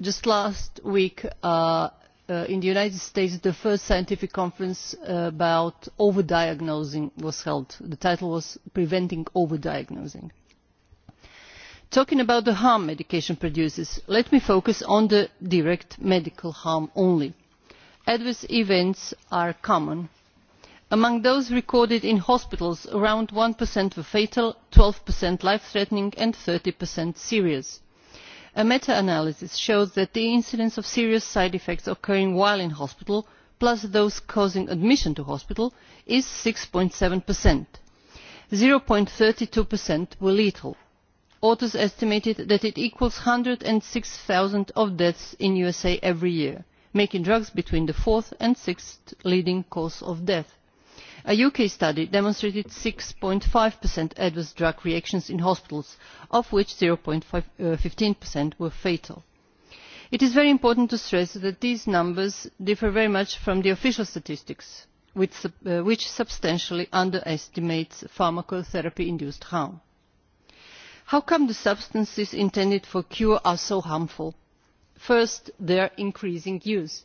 just last week uh, uh, in the united states the first scientific conference uh, about over diagnosing was held. the title was preventing over diagnosing'. talking about the harm medication produces let me focus on the direct medical harm only. adverse events are common. among those recorded in hospitals around one were fatal twelve life threatening and thirty serious a meta analysis shows that the incidence of serious side effects occurring while in hospital plus those causing admission to hospital is. six seven zero thirty two were lethal. authors estimated that it equals one hundred and six zero deaths in the usa every year making drugs between the fourth and sixth leading cause of death a uk study demonstrated six five adverse drug reactions in hospitals of which. zero uh, fifteen were fatal. it is very important to stress that these numbers differ very much from the official statistics which uh, substantially underestimates pharmacotherapy induced harm. how come the substances intended for cure are so harmful? first their increasing use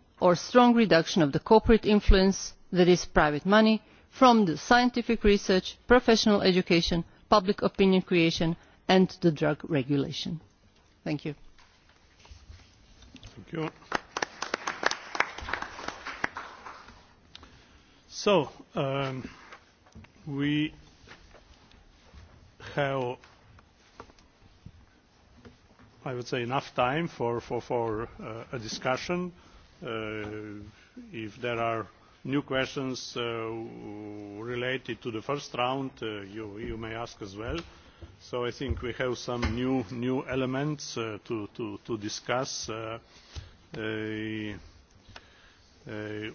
or strong reduction of the corporate influence that is private money from scientific research professional education public opinion creation and drug regulation. thank you. Thank you. So, um, we have, I would say, enough time for, for, for uh, a discussion. Uh, if there are new questions uh, related to the first round uh, you, may ask as well so i think we have some new, elements to, discuss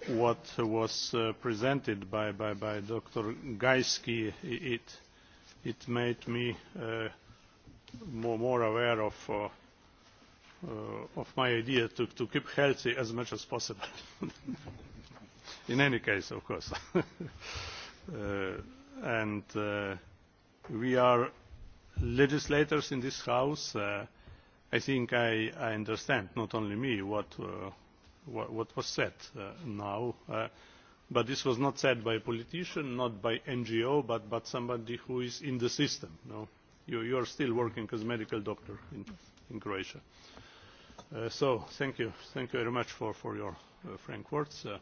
what was presented by, Dr. Gajski, it, made me more, more aware of Uh, of my idea to, to keep healthy as much as possible. in any case, of course. uh, and uh, we are legislators in this House. Uh, I think I, I understand, not only me, what, uh, what, what was said uh, now. Uh, but this was not said by a politician, not by NGO, but, but somebody who is in the system. No? You, you are still working as a medical doctor in, in Croatia. Uh, Uh, so thank you thank you very much for for your uh, frank words uh,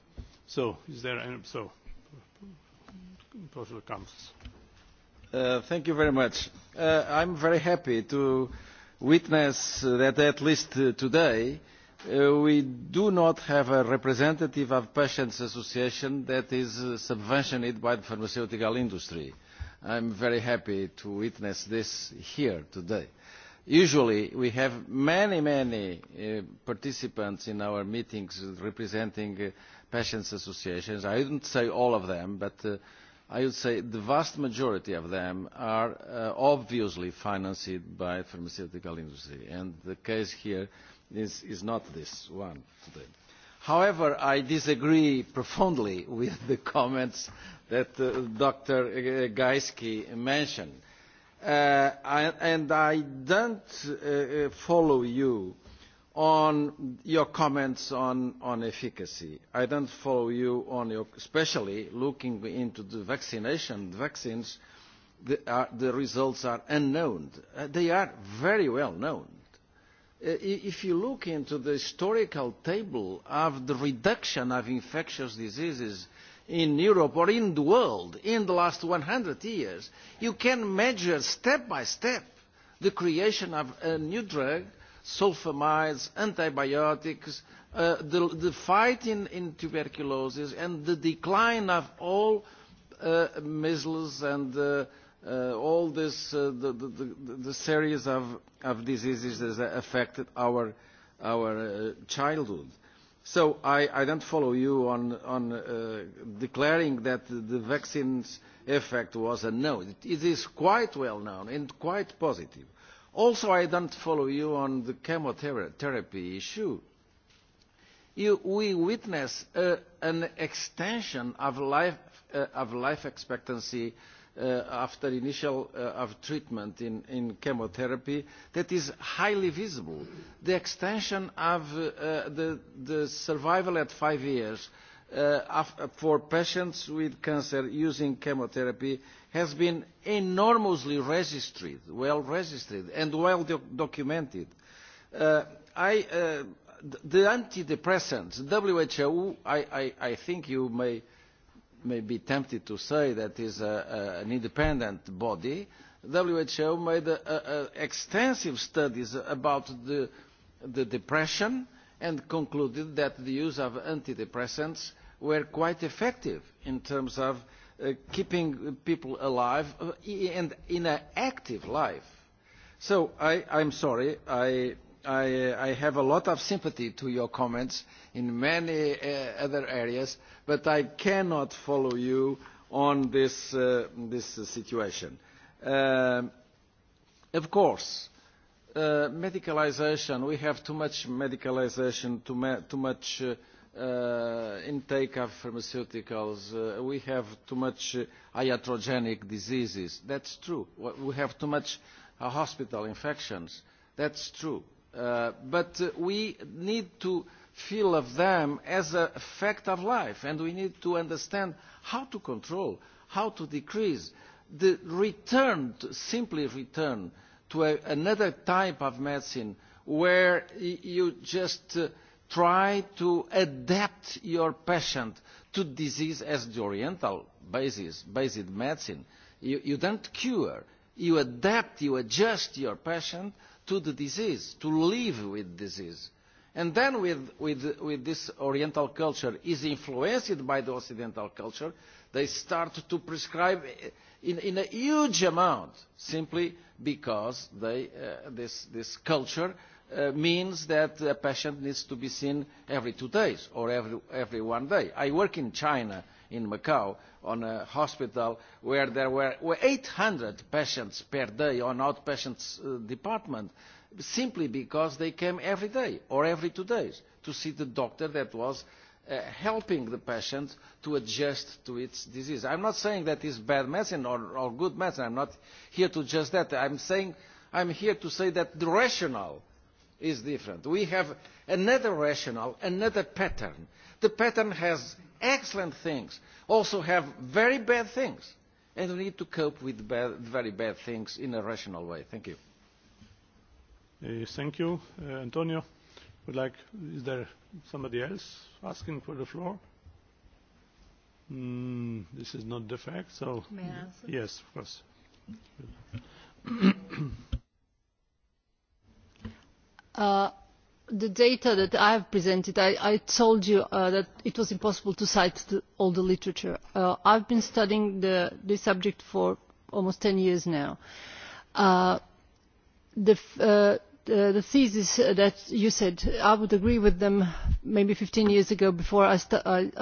so is there any so professor comes uh, thank you very much uh, i'm very happy to witness that at least uh, today uh, we do not have a representative of patients association that is uh, subventioned by the pharmaceutical industry i'm very happy to witness this here today usually we have many many uh, participants in our meetings representing uh, patients associations i wouldn't say all of them but uh, i would say the vast majority of them are obviously financed by the pharmaceutical industry and the case here is, is not this one today. however i disagree profoundly with the comments that dr gajski mentioned Uh, and I don't uh, uh, follow you on your comments on, on efficacy. I don't follow you on your, especially looking into the vaccination, the vaccines, the, uh, the results are unknown. Uh, they are very well known. Uh, if you look into the historical table of the reduction of infectious diseases in Europe or in the world in the last 100 years, you can measure step by step the creation of a new drug, sulfamides, antibiotics, uh, the, the fight in, in tuberculosis and the decline of all uh, measles and uh, uh, all this, uh, the, the, the, the series of, of diseases that affected our, our uh, childhood. Uh, So I, I don't follow you on, on uh, declaring that the vaccine's effect was unknown. It, it is quite well known and quite positive. Also, I don't follow you on the chemotherapy issue. You, we witness uh, an extension of life, uh, of life expectancy uh, uh, after initial uh, of treatment in, in chemotherapy that is highly visible. The extension of uh, the, the survival at five years uh, for patients with cancer using chemotherapy has been enormously registered, well registered and well doc documented. Uh, I, uh, the antidepressants, WHO, I, I, I think you may may be tempted to say that is a, a, an independent body, WHO made a, extensive studies about the, the, depression and concluded that the use of antidepressants were quite effective in terms of uh, keeping people alive uh, and in an active life. So I, I'm sorry, I, I, I have a lot of sympathy to your comments in many uh, other areas, but I cannot follow you on this, uh, this uh, situation. Uh, of course, uh, medicalization, we have too much medicalization, too, ma too much uh, uh, intake of pharmaceuticals, uh, we have too much uh, iatrogenic diseases. That's true. We have too much uh, hospital infections. That's true Uh, but we need to feel of them as a fact of life, and we need to understand how to control, how to decrease. The return, to, simply return to a, another type of medicine where you just uh, try to adapt your patient to disease as the oriental basis, basic medicine. You, you don't cure. You adapt, you adjust your patient to the disease, to live with disease. And then with, with, with this Oriental culture is influenced by the Occidental culture, they start to prescribe in, in a huge amount simply because they, uh, this, this culture uh, means that a patient needs to be seen every two days or every, every one day. I work in China in Macau on a hospital where there were 800 patients per day on outpatients uh, department simply because they came every day or every two days to see the doctor that was uh, helping the patient to adjust to its disease. I'm not saying that is bad medicine or, or good medicine. I'm not here to judge that. I'm, saying, I'm here to say that the rationale is different. We have another rationale, another pattern. The pattern has excellent things also have very bad things and we need to cope with bad, very bad things in a rational way. Thank you. Uh, thank you, uh, Antonio. Would like, is there somebody else asking for the floor? Mm, this is not the fact, so May I answer? yes, of course. uh, the data that i have presented i, told you uh, that it was impossible to cite all the literature. Uh, i have been studying the, this subject for almost ten years now. Uh, the, theses thesis that you said i would agree with them maybe fifteen years ago before i,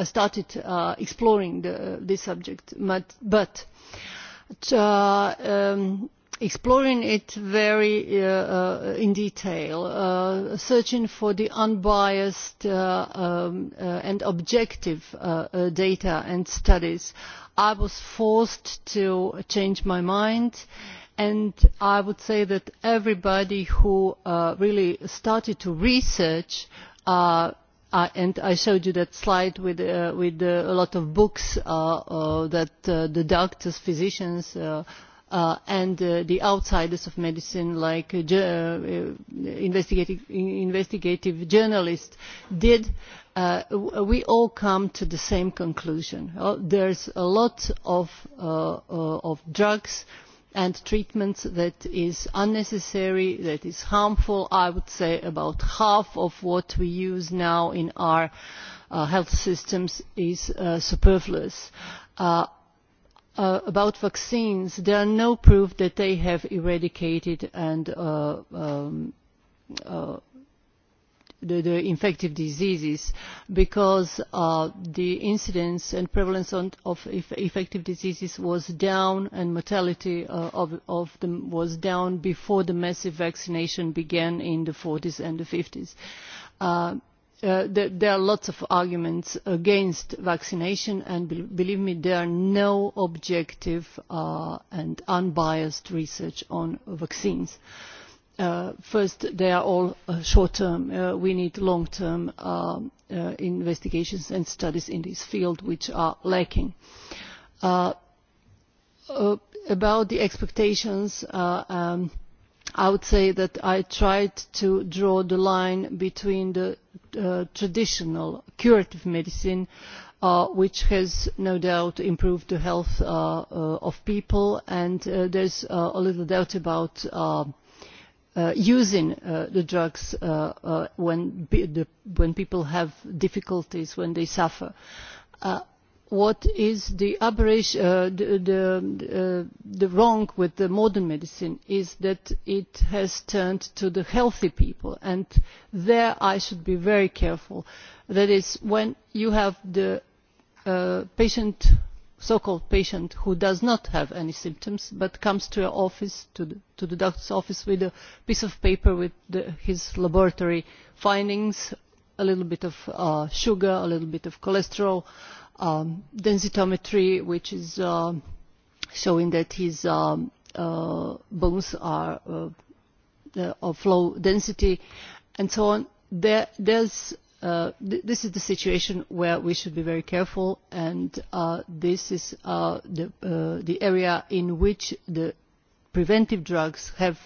started exploring this subject but, um, exploring it very uh, uh, in detail, uh, searching for the unbiased uh, um, uh, and objective uh, uh, data and studies, I was forced to change my mind and I would say that everybody who uh, really started to research uh, and I showed you that slide with, uh, with uh, a lot of books uh, uh, that uh, the doctors, physicians, uh, uh, and uh, the outsiders of medicine like uh, uh, uh, investigative, investigative journalists did, uh, we all come to the same conclusion. Uh, there's a lot of, uh, uh, of drugs and treatments that is unnecessary, that is harmful. I would say about half of what we use now in our uh, health systems is uh, superfluous. Uh, Uh, about vaccines, there are no proof that they have eradicated and uh, um, uh, the, the infective diseases because uh, the incidence and prevalence on, of infective diseases was down and mortality uh, of, of them was down before the massive vaccination began in the 40s and the 50s. Uh, Uh, there are lots of arguments against vaccination and be believe me there are no objective uh, and unbiased research on vaccines. Uh, first they are all uh, short term uh, we need long term uh, investigations and studies in this field which are lacking. about the expectations um, i would say that i tried to draw the line between the uh, traditional curative medicine uh, which has no doubt improved the health uh, uh of people and uh, there is uh, little doubt about using the drugs when, the, when people have difficulties when they suffer what is the aberration, uh, the, the, uh, the wrong with the modern medicine is that it has turned to the healthy people. And there I should be very careful. That is, when you have the uh, patient, so-called patient, who does not have any symptoms, but comes to your office, to the, to the doctor's office with a piece of paper with the, his laboratory findings, a little bit of uh, sugar, a little bit of cholesterol, uh, um, densitometry, which is uh, showing that his um, uh, bones are uh, uh, of low density, and so on. There, there's, uh, th this is the situation where we should be very careful, and uh, this is uh, the, uh, the area in which the preventive drugs have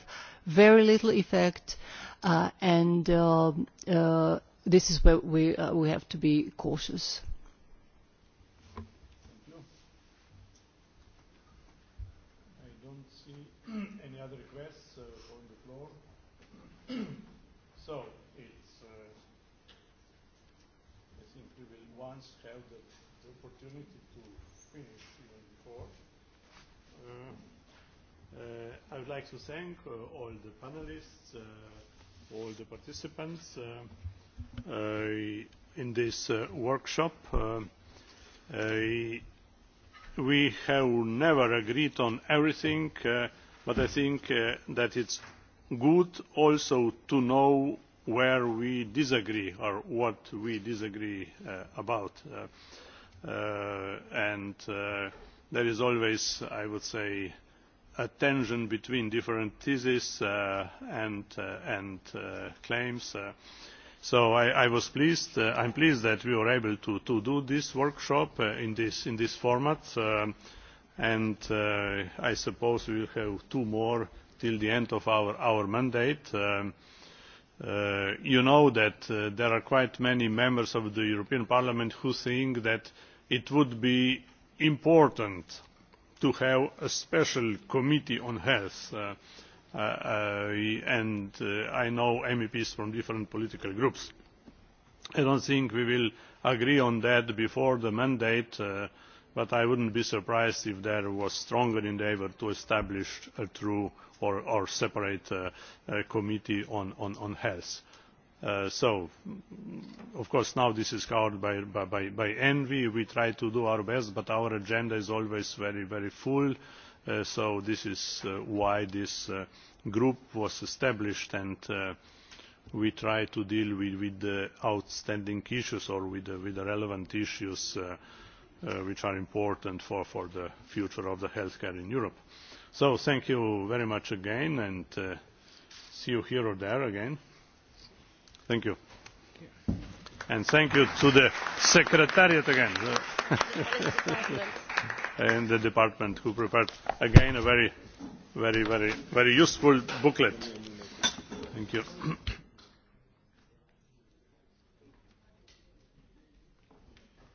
very little effect, uh, and uh, uh, this is where we, uh, we have to be cautious. Uh, I would like to thank uh, all the panelists, uh, all the participants uh, uh, in this uh, workshop. Uh, uh, we have never agreed on everything, uh, but I think uh, that it's good also to know where we disagree or what we disagree uh, about. Uh, uh, and uh, there is always, I would say, uh, a tension between different theses uh, and, uh, and uh, claims. Uh. So I, I was pleased, uh, I'm pleased that we were able to, to do this workshop uh, in, this, in this format um, and uh, I suppose we'll have two more till the end of our, our mandate. Um, you know that there are quite many members of the European Parliament who think that it would be important to have a special committee on health uh, uh, uh and uh, i know meps from different political groups. i do not think we will agree on that before the mandate uh, but i would not be surprised if there was stronger endeavour to establish a true or, or separate committee on, on, on health Uh, so of course now this is covered by, envi we try to do our best but our agenda is always very very full uh, so this is uh, why this group was established and we try to deal with, the outstanding issues or with the, relevant issues which are important for, the future of healthcare in europe. so thank you very much again and see you here or there again. Thank you. And thank you to the Secretariat again and the department who prepared again a very, very, very, useful booklet.